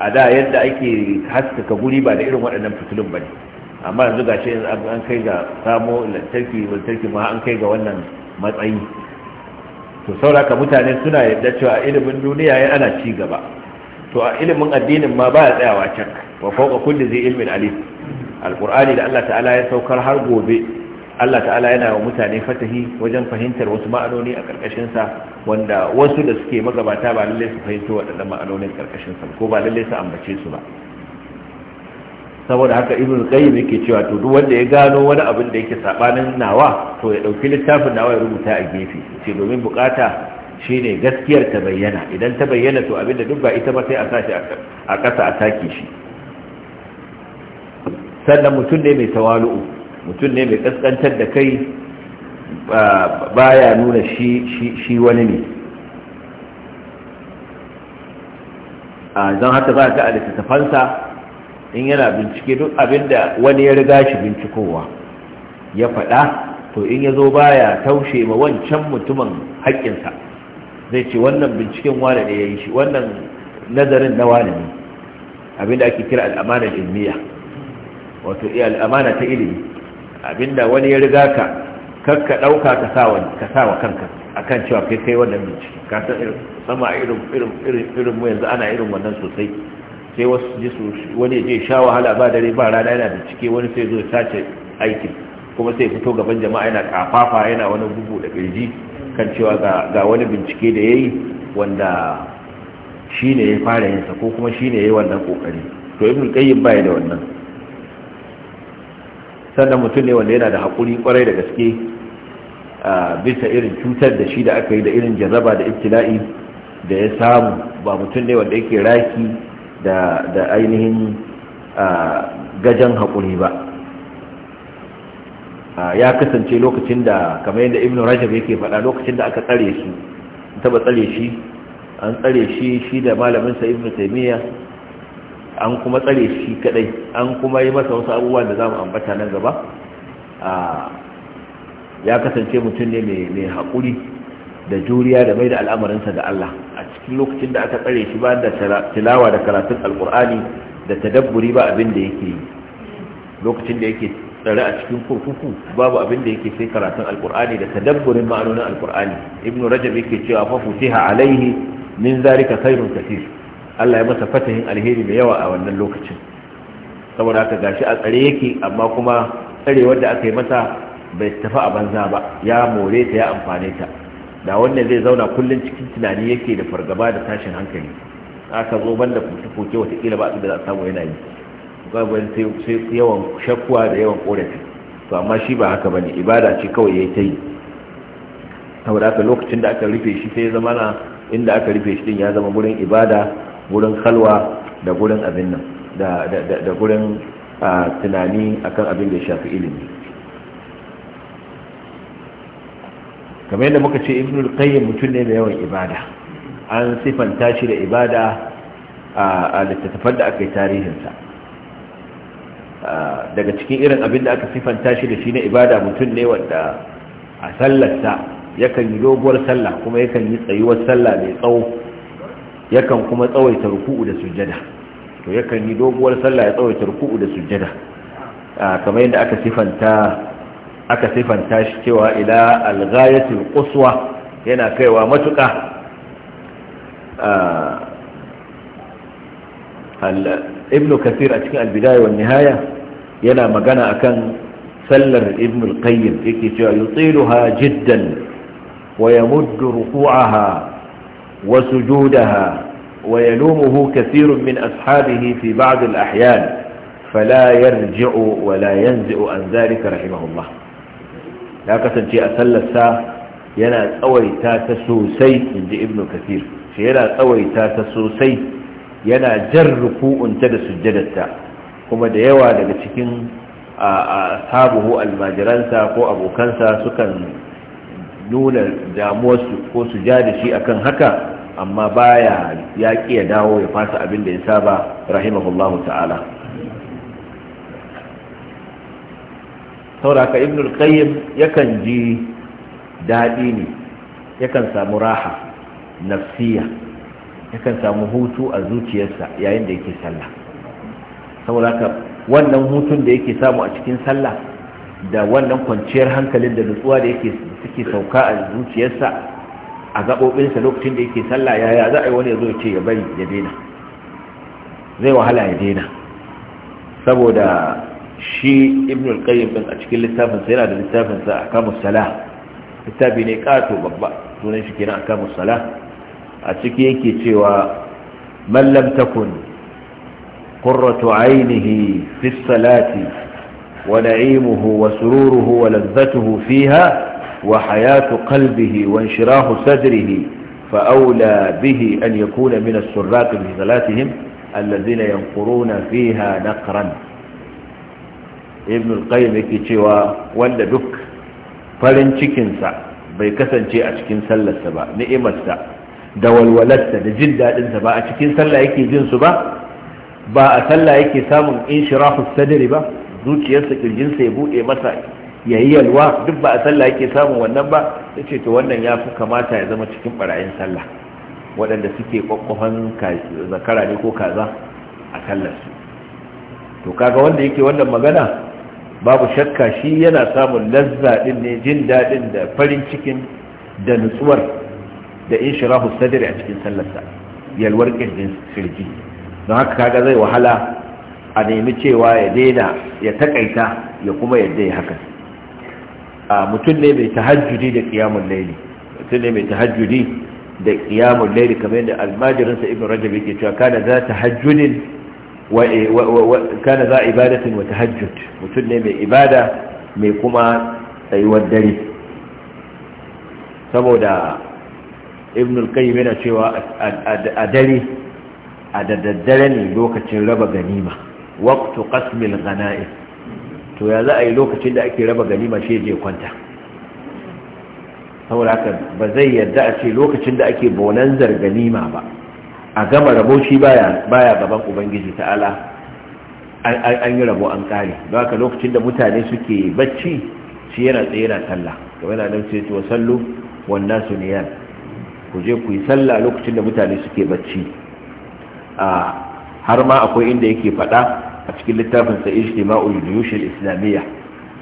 a da yadda ake haskaka guri ba da irin waɗannan fitilun ba ne amma yanzu ga shi an kai ga samo lantarki lantarki ma an kai ga wannan matsayi to sauraka mutane suna yadda cewa ilimin duniya ya ana ci gaba to a ilimin addinin ma ba ya tsayawa can wa fauka kulli zai ilmin alim alqur'ani da Allah ta'ala ya saukar har gobe Allah ta'ala yana wa mutane fatahi wajen fahimtar wasu ma'anoni a ƙarƙashinsa wanda wasu da suke magabata ba lallai su fahimto waɗannan ma'anonin ƙarƙashinsa ko ba lallai su ambace su ba saboda haka ibn qayyim yake cewa to duk wanda ya gano wani abin da yake sabanin nawa to ya dauki littafin nawa ya rubuta a gefe ce domin bukata shine gaskiyar ta bayyana idan ta bayyana to abinda duk ba ita ba sai a sashi a kasa a take shi sannan mutum ne mai tawalu'u mutum ne mai kaskantar da kai baya nuna shi wani ne a zan haka za ta a littattafansa in yana bincike duk abinda wani ya riga shi bincikowa ya faɗa to in ya zo baya taushe ma wancan mutumin haƙƙinsa zai ce wannan binciken wane ne ya yi shi wannan nazarin na wane ne abinda ake kira al'amanar ilmiya wato eh, al'amana ta ilimi abinda wani ya riga ka kakka ɗauka ka sa wa kanka akan cewa kai kai wannan bincike ka san irin sama irin irin mu yanzu ana irin wannan sosai sai wasu ji su wani ya je sha wahala ba dare ba rana yana bincike wani sai zo sace aikin kuma sai fito gaban jama'a yana kafafa yana wani bugu da kirji kan cewa ga wani bincike da yayi wanda shine ya fara yinsa ko kuma shine yayi wannan kokari to ibn qayyim bai da wannan sannan mutum ne wanda yana da haƙuri kwarai da gaske bisa irin cutar da shi da aka yi da irin jarraba da ibtila'i da ya samu ba mutum ne wanda yake raki da ainihin gajan haƙuri ba ya kasance lokacin da kamar yadda ibn rajab yake faɗa lokacin da aka tsare su taba tsare shi an tsare shi shi da malaminsa ibn taimiyya an kuma tsare shi kadai an kuma yi masa wasu abubuwan da za mu ambata nan gaba ya kasance mutum ne mai haƙuri da juriya da mai da al'amarinsa da Allah a cikin lokacin da aka tsare shi ba da tilawa da karatun alkur'ani da tadabburi ba abin da yake yi lokacin da yake tsare a cikin kurkuku babu abin da yake sai karatun alkur'ani da tadabburin ma'anonin alkur'ani ibnu rajab yake cewa fa futiha alaihi min zalika khairun kathir Allah ya masa fatahin alheri mai yawa a wannan lokacin saboda haka gashi a tsare yake amma kuma tsarewar wanda aka yi masa bai tafi a banza ba ya more ta ya amfane ta da wannan zai zauna kullum cikin tunani yake da fargaba da tashin hankali aka zo banda koke-koke watakila ba da za a samu yana yi ban sai yawan shakkuwa da yawan korafi to amma shi ba haka bane ibada ce kawai yayi ta yi saboda haka lokacin da aka rufe shi sai ya zama na inda aka rufe shi din ya zama gurin ibada gurin kalwa da gurin abin nan da gurin tunani akan abin da ya shafi ilimi kamar yadda muka ce ibnul qayyim mutum ne mai yawan ibada an sifanta shi da ibada a littattafan da aka yi tarihinsa daga cikin irin abin da aka sifanta shi da shi na ibada mutum ne wanda a sallarsa yakan yi doguwar sallah kuma yakan yi tsayuwar sallah mai tsawo yakan kuma tsawaita ruku'u da sujjada to yakan yi doguwar sallah ya tsawaita ruku'u da sujjada kamar yadda aka sifanta aka sifanta shi cewa ila al-ghayatil quswa yana kaiwa matuƙa ibn kathir a cikin albidaya wal nihaya yana magana akan sallar ibn al-qayyim yake cewa yutiluha jiddan wa yamuddu ruku'aha وسجودها ويلومه كثير من أصحابه في بعض الأحيان فلا يرجع ولا ينزئ عن ذلك رحمه الله لا كسنتي أسلسا ينا أويتا تسوسي من جي ابن كثير ينا أويتا تسوسي yana jan ruku'unta da sujjadarta kuma da yawa daga cikin sabuhu almajiransa ko abokansa sukan nuna damuwarsu ko su ja da shi akan haka amma baya ya ki ya dawo ya fasa abin da ya saba rahimahullahu ta'ala sauraka ibnul qayyim yakan ji daɗi ne yakan samu raha nafsiya yakan samu hutu a zuciyarsa yayin da yake sallah sauraka wannan hutun da yake samu a cikin sallah da wannan kwanciyar hankalin da nutsuwa da yake suke sauka a zuciyarsa a gaɓoɓinsa lokacin da yake sallah yaya za a yi wani ya zo ce ya bari ya daina zai wahala ya daina saboda shi ibn al-qayyim din a cikin littafin sa yana da littafin sa akamus salah littafi ne kato babba sunan shi kenan akamus salah a ciki yake cewa man lam takun qurratu ainihi fi salati wa na'imuhu wa sururuhu wa ladzatuhu fiha وحياة قلبه وانشراه صدره فأولى به أن يكون من السراق بصلاتهم الذين ينقرون فيها نقرا ابن القيم yake cewa wanda duk farin cikinsa bai kasance a cikin sallarsa ba ni'imarsa da walwalarsa da jin daɗinsa ba a cikin sallah yake jin su ba ba a sallah yake samun inshirahu sadri ba zuciyarsa kirjinsa ya buɗe masa yayi yalwa duk ba a sallah yake samun wannan ba ya ce to wannan ya fi kamata ya zama cikin barayin sallah waɗanda suke ƙwaƙwafan zakara ne ko kaza a sallarsu to kaga wanda yake wannan magana babu shakka shi yana samun lazza ne jin daɗin da farin cikin da nutsuwar da in shirahu a cikin sallarsa yalwar ƙirjin firji don haka kaga zai wahala a nemi cewa ya daina ya takaita ya kuma yadda ya haka mutum ne mai tahajjudi da qiyamul layli mutum ne mai tahajjudi da qiyamul layli kamar yadda almajirin sa ibnu rajab yake cewa kana za tahajjudin e, wa kana za ibadatin wa tahajjud mutum ne mai ibada mai kuma tsayuwar dare saboda ibnul qayyim yana cewa a dare a da daddare ne lokacin raba ganima waqtu qasmil ghanaim to ya za a yi lokacin da ake raba ganima shi je kwanta saboda haka ba zai yadda a ce lokacin da ake bonanzar ganima ba a gama rabo shi baya gaban ubangiji ta'ala an yi rabo an kare ba haka lokacin da mutane suke bacci shi yana tsaye na sallah kamar yana nan sai tuwa sallu wannan su yan ku je ku yi sallah lokacin da mutane suke bacci ah, har ma akwai inda yake fada. a cikin littafin sa ijtima'ul juyush al-islamiyya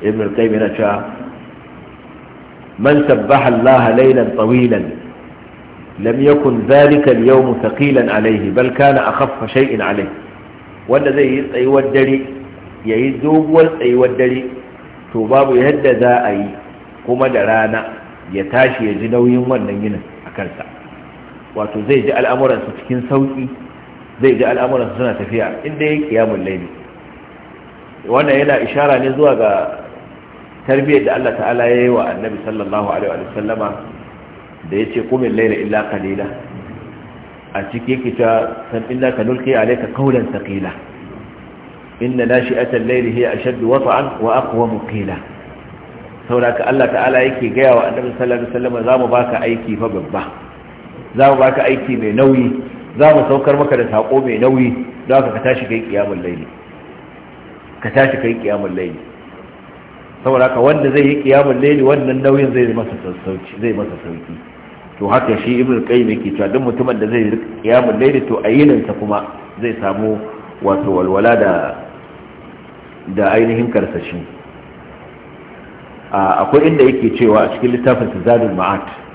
ibn al-qayyim yana cewa man sabbaha Allah laylan tawilan lam yakun dhalika al-yawm thaqilan alayhi bal kana akhaffa shay'in alayhi wanda zai yi tsayuwar dare yayi doguwar tsayuwar dare to babu yadda za a yi kuma da rana ya tashi ya ji nauyin wannan ginin a kansa wato zai ji al'amuransa cikin sauki. zai ji al'amuran suna tafiya inda ya kiyamun laili wannan yana ishara ne zuwa ga tarbiyyar da Allah ta'ala ya yi wa annabi sallallahu alaihi wa sallama da ya ce kumin laila illa kalila a ciki yake ta san inna ka a nulki alaika kaulan saqila inna nashi'atal layli hiya ashaddu wat'an wa aqwamu qila saboda Allah ta'ala yake gaya wa annabi sallallahu alaihi wa sallama zamu baka aiki fa babba Za mu ba ka aiki mai nauyi za mu saukar maka da sako mai nauyi don ka ka tashi kai kiyamun laili ka tashi kai kiyamun laili saboda haka wanda zai yi kiyamun laili wannan nauyin zai masa sauki zai masa sauki to haka shi ibn qayyim yake cewa duk mutumin da zai yi kiyamun laili to ayinin sa kuma zai samu wato walwala da da ainihin karsashi akwai inda yake cewa a cikin littafin zadul ma'at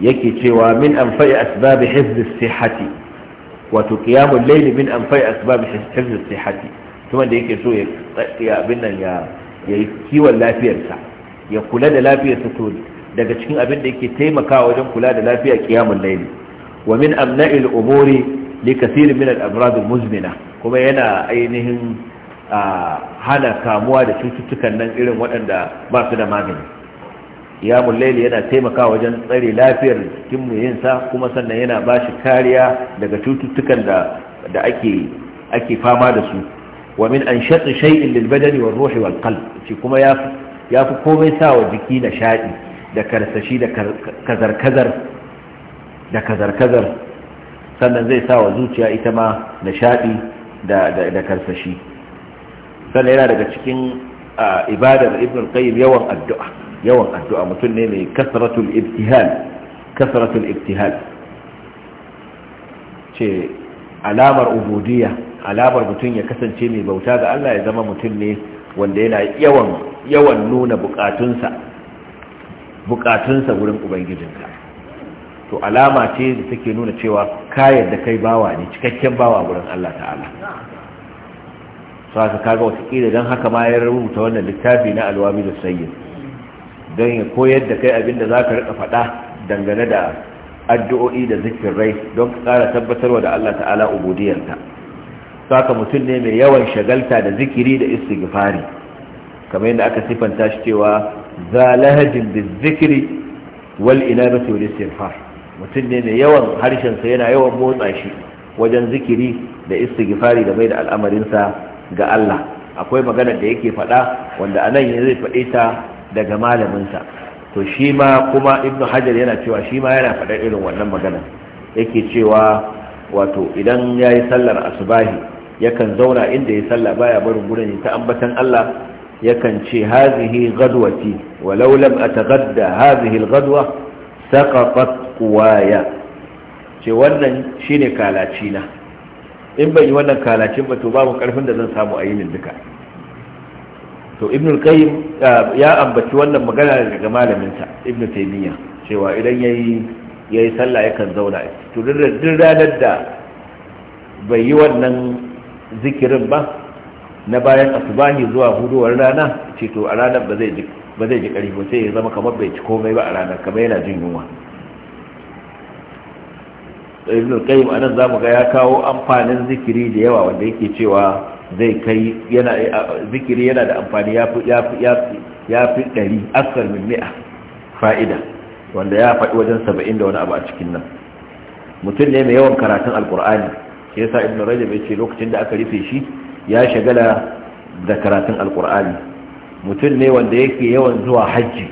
yake cewa min anfa'i asbab hifz sihhati wato qiyamul layl min anfa'i asbab hifz sihhati kuma da yake so ya abin nan ya yayi kiwon lafiyarsa ya kula da lafiyar lafiyarsa to daga cikin abin da yake taimakawa wajen kula da lafiya qiyamul layl wa min amna'il umuri li kathir min al-amrad al-muzmina kuma yana ainihin ah, hana kamuwa da cututtukan nan irin waɗanda ba su da magani kiyamun laili yana taimakawa wajen tsare lafiyar jikin mu yin sa kuma sannan yana ba shi kariya daga cututtukan da da ake ake fama da su wa min anshat shay'in lil badani war ruhi wal qalb shi kuma ya ya fi komai sawa jiki na shadi da karsashi da kazar-kazar da kazar-kazar sannan zai sawa zuciya ita ma na shadi da da karsashi sannan yana daga cikin ah, ibadar ibn qayyim yawan addu'a yawan addu'a mutum ne mai kasratul ibtihal kasratul ibtihal ce alamar ubudiya, alamar mutum ya kasance mai bauta ga Allah ya zama mutum ne wanda yana yawan yawan nuna bukatunsa bukatunsa ubangijin ubangijinka to alama ce da take nuna cewa kayan da kai bawa ne cikakken bawa wurin Allah ta'ala sa ka kaga wata kila dan haka ma ya rubuta wannan littafi na alwami da sayyid don ya koyar da kai abin da za ka rika faɗa dangane da addu'o'i da zikirai don ka ƙara tabbatarwa da Allah ta'ala ubudiyarta saka mutum ne mai yawan shagalta da zikiri da istighfari kamar yadda aka sifanta shi cewa za lahajin bi zikiri wal inabati wal istighfar mutum ne mai yawan harshen sa yana yawan motsa shi wajen zikiri da istighfari da mai da al'amarinsa ga Allah akwai magana da yake faɗa wanda anan zai faɗe ta daga malaminsa to shi ma kuma ibnu hajar yana cewa shi ma yana faɗar irin wannan magana yake cewa wato idan ya yi sallar asubahi yakan zauna inda ya salla baya barin gurin ta ambatan Allah yakan ce hazihi gadwati walau a atagadda hazihi algadwa saqatat quwaya ce wannan shine kalaci na in bai yi wannan kalacin ba to babu karfin da zan samu a yinin duka to ibnul qayyim uh, ya ambaci wannan magana daga sa ibnu taymiya cewa idan yayi yayi sallah yakan zauna to duk ranar da bai yi wannan zikirin ba na bayan asubahi zuwa huduwar rana ce to a ranar ba zai ji ba zai ji ƙarfi ba sai ya zama kamar bai ci komai ba a ranar kamar yana jin yunwa ibnul qayyim anan zamu ga ya kawo amfanin zikiri da yawa wanda yake cewa zai kai yana zikiri yana da amfani ya fi ɗari aksar min mi'a fa'ida wanda ya faɗi wajen saba'in da wani abu a cikin nan mutum ne mai yawan karatun alkur'ani shi yasa ibn rajab ya ce lokacin da aka rufe shi ya shagala da karatun alkur'ani mutum ne wanda yake yawan zuwa hajji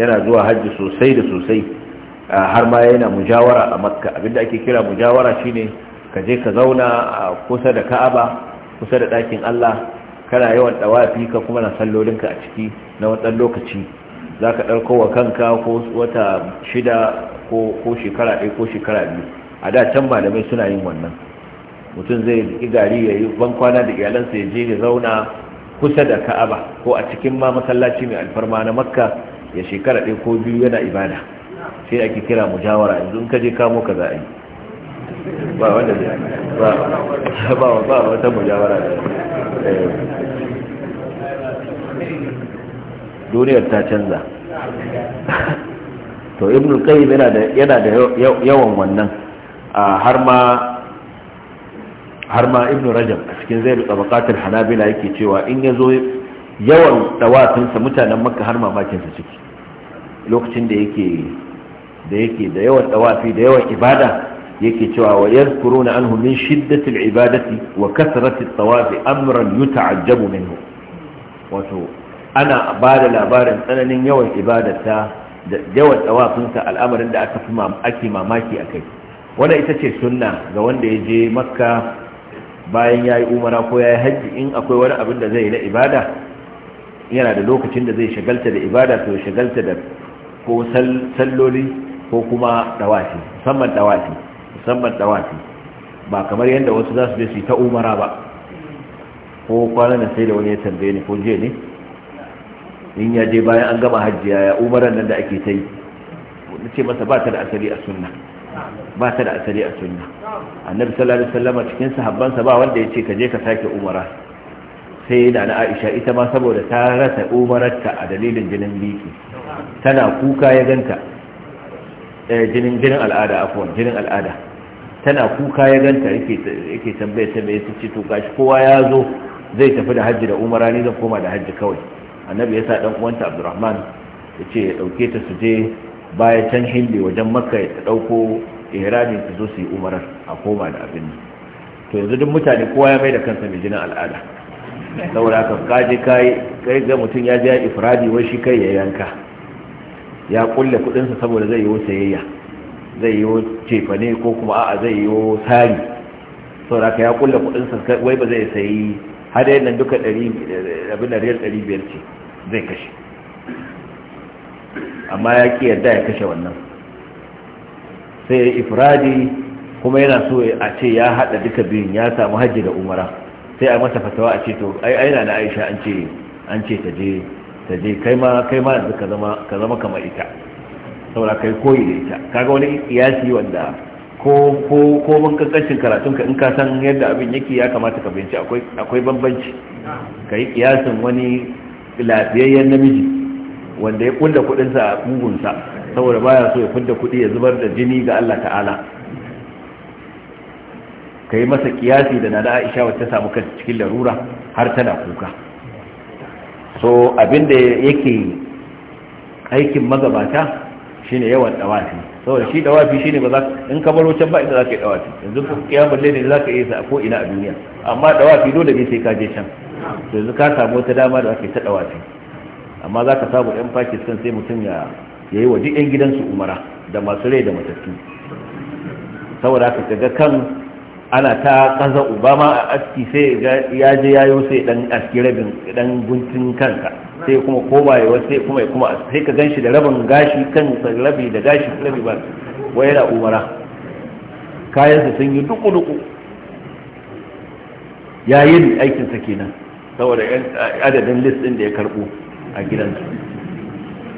yana zuwa hajji sosai da sosai har ma yana mujawara a makka abinda ake kira mujawara shine ka je ka zauna a kusa da ka'aba kusa da ɗakin Allah kana yawan ɗawafi ka kuma na sallolinka a ciki na wata lokaci za ka ɗauko wa kanka ko wata shida ko shekara ɗaya ko shekara biyu a da can malamai suna yin wannan mutum zai yi gari ya yi ban kwana da iyalansa ya je ya zauna kusa da ka'aba ko a cikin ma masallaci mai alfarma na makka ya shekara ɗaya ko biyu yana ibada sai ake kira mujawara yanzu in ka je kamo ka za a yi ba wanda ba ba wata mujawara da eh, duniyar ta canza to ibn al-qayyim yana da yana da yawan wannan har ma har ma ibn rajab a cikin zai tabaqatul hanabila yake cewa in yazo yawan sa mutanen makka har bakin sa ciki lokacin da yake da yake da yawan dawafi da yawan ibada yake cewa wa yadhkuruna anhu min shiddati ibadati wa kasrati at-tawafi yuta ajabu minhu wato ana bada labarin tsananin yawan ibadata da yawan tsawafinsa al'amarin da aka fi ake mamaki a kai, wanda ita ce sunna ga wanda ya je makka bayan ya yi umara ko ya yi hajji in akwai wani abin da zai yi na ibada yana da lokacin da zai shagalta da ibada to shagalta da ko salloli ko kuma musamman ɗawafi. musamman dawafi ba kamar yadda wasu za su je su ta umara ba ko kwanan da sai da wani ya tambaye ni ko je ne in ya je bayan an gama hajjiya ya umaran nan da ake ta yi wani ce masa ba ta da asali a sunna ba ta da asali a sunna annabi sallallahu alaihi wasallam cikin sahabbansa ba wanda ya ce ka je ka sake umara sai da na aisha ita ma saboda ta rasa umararta a dalilin jinin liki tana kuka ya ganta eh, jinin jinin al'ada afwan jinin al'ada tana kuka ya ganta yake tambaye ta mai ce to gashi kowa ya zo zai tafi da hajji da umara ne zan koma da hajji kawai annabi ya sa dan uwanta abdurrahman ya ce ya dauke ta su je baya can hilli wajen makka ya dauko ihrami su zo su yi umarar a koma da abin to yanzu duk mutane kowa ya mai da kansa mai jinin al'ada saboda haka kaje kai kai ga mutum ya je ya ifradi wai shi kai ya yanka ya kulle kudin sa saboda zai yi sayayya zai yi ne ko kuma a zai yi sari sau da ka ya kulla kudinsa wai ba zai sayi hadayen nan duka abin da riyar 500 ce zai kashe amma ya ki yadda ya kashe wannan sai ya ifradi kuma yana so a ce ya hada duka biyun ya samu hajji da umara sai a masa fatawa a ce to ai aina na aisha an ce ta je kai ma ka zama kama ita saboda kai koyi da ita kaga wani kiyasi wanda ko ko ko mun kankancin karatun ka in ka san yadda abin yake ya kamata ka binci akwai akwai bambanci kai kiyasin wani lafiyayyen namiji wanda ya kulla kudin sa bugunsa sa saboda baya so ya fidda kudi ya zubar da jini ga Allah ta'ala kai masa kiyasi da nana Aisha wacce samu kanta cikin larura har tana kuka so da yake aikin magabata shine yawan dawafi saboda shi dawafi shine ba za in ka baro can ba inda za yi dawafi yanzu ko kiyamul layl za ka yi sa ko ina a duniya amma dawafi dole ne sai ka je can to yanzu ka samu wata dama da ake ta dawafi amma za ka samu yan Pakistan sai mutum ya yayi wa duk yan gidansu umara da masu rai da matattu saboda ka ga kan ana ta kaza obama a aski sai ya je yayo sai dan aski rabin dan guntun kanka sai kuma koma ya wasu sai kuma ya kuma sai ka ganshi da rabin gashi kan rabi da gashi rabi ba wai yana umara kayansa sun yi duku duku yayin sa kenan saboda adadin list din da ya karbo a gidansa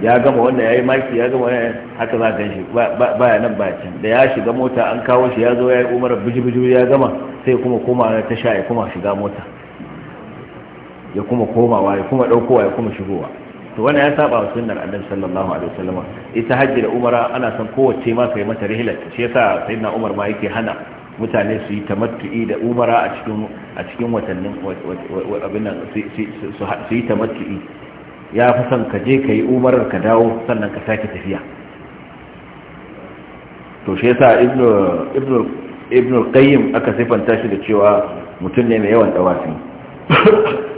ya gama wannan yayi maki ya gama wannan haka za gan shi baya nan ba can da ya shiga mota an kawo shi ya zo ya yi umara biji biji ya gama sai kuma koma ta sha ya kuma shiga mota ya kuma komawa ya kuma ɗaukowa ya kuma shigowa to wannan ya saba wa sunnar annabi sallallahu alaihi wasallam ita hajji da umara ana son kowace ma kai mata rihlat shi yasa sayyidina umar ma yake hana mutane su yi tamattu'i da umara a cikin a cikin watannin abin nan su yi tamattu'i ya fi son ka je ka yi umarar ka dawo sannan ka sake tafiya to shi yasa ibnu ibnu ibnu qayyim aka sifanta shi da cewa mutum ne mai yawan dawasi.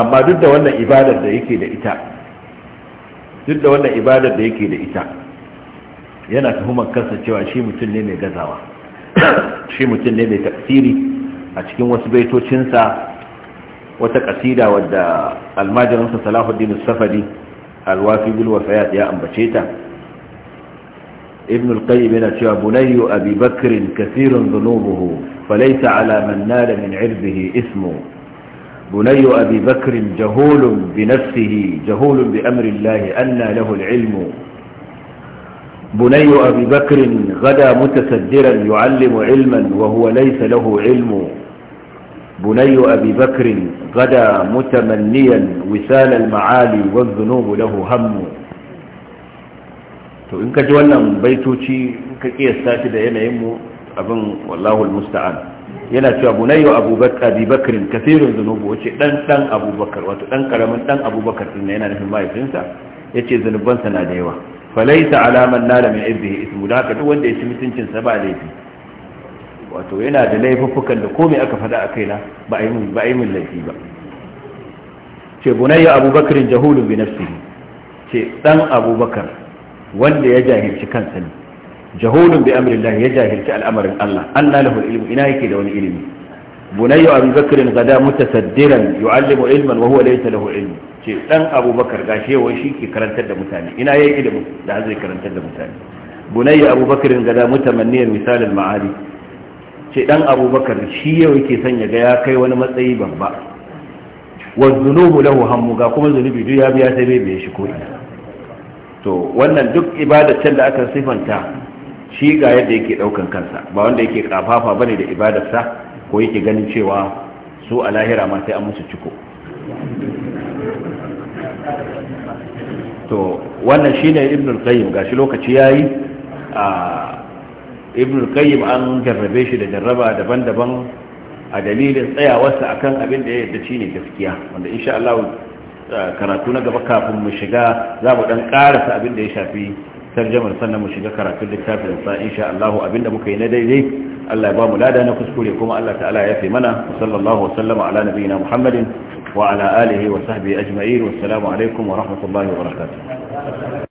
amma duk da wannan ibadar da yake da ita duk da wannan ibadar da yake da ita yana tuhumar kansa cewa shi mutum ne mai gazawa shi mutum ne mai tafsiri a cikin wasu baitocinsa wata kasida wadda almajiransa salahuddin safari alwafi bil wafayat ya ambace ta ibn al yana cewa bunayyu abi bakr kathirun dhunubuhu falaysa ala man nala min irbihi ismu بني أبي بكر جهول بنفسه جهول بأمر الله أن له العلم بني أبي بكر غدا متسدرا يعلم علما وهو ليس له علم بني أبي بكر غدا متمنيا وسال المعالي والذنوب له هم to in ka كي يستاتي دائما يمو أبن والله المستعان yana cewa bunayyo abubakar abubakar kafirin zunubu wace dan dan abubakar wato dan karamin dan abubakar din yana nufin mahaifinsa yace zunubansa na da yawa falaita alaman nala min ibbihi ismu da haka duk wanda ya ci mutuncin sa ba laifi wato yana da laifuffukan da komai aka faɗa a kaina ba a yi min ba a yi min laifi ba ce bunayyo abubakar jahulun bi nafsihi ce dan abubakar wanda ya jahilci kansa ne jahulun bi amrillah ya jahilci al'amarin Allah Allah lahu ilmu ina yake da wani ilimi bunayyu abu bakr gada mutasaddiran yu'allimu ilman wa huwa laysa lahu ilm ce dan abubakar gashi wai shi ke karantar da mutane ina yayi ilimin da zai karantar da mutane bunayyu abu bakr gada mutamanniyan misal al-ma'ali ce dan abubakar shi yau yake sanya ya ga ya kai wani matsayi babba wa zunubu lahu hammu ga kuma zunubi duk ya biya sai bai bai shi ko to wannan duk ibadar da aka sifanta shi ga yadda yake daukan kansa ba wanda yake kafafa bane da ibadarsa ko yake ganin cewa su a lahira ma sai an musu ciko to wannan shine ibn al-qayyim gashi lokaci yayi a ibn al-qayyim an jarrabe shi da jarraba daban-daban a dalilin tsayawarsa akan abin da ya yarda shine gaskiya wanda insha Allah karatu na gaba kafin mu shiga za mu dan karasa abin da ya shafi tarjamar sannan mu shiga karatun littafin sa insha Allah abinda muka yi na daidai Allah ya ba mu lada na kuskure kuma Allah ta'ala ya fi mana sallallahu wa sallama ala nabiyina Muhammadin wa ala alihi wa sahbihi ajma'in wassalamu alaikum wa rahmatullahi wa barakatuh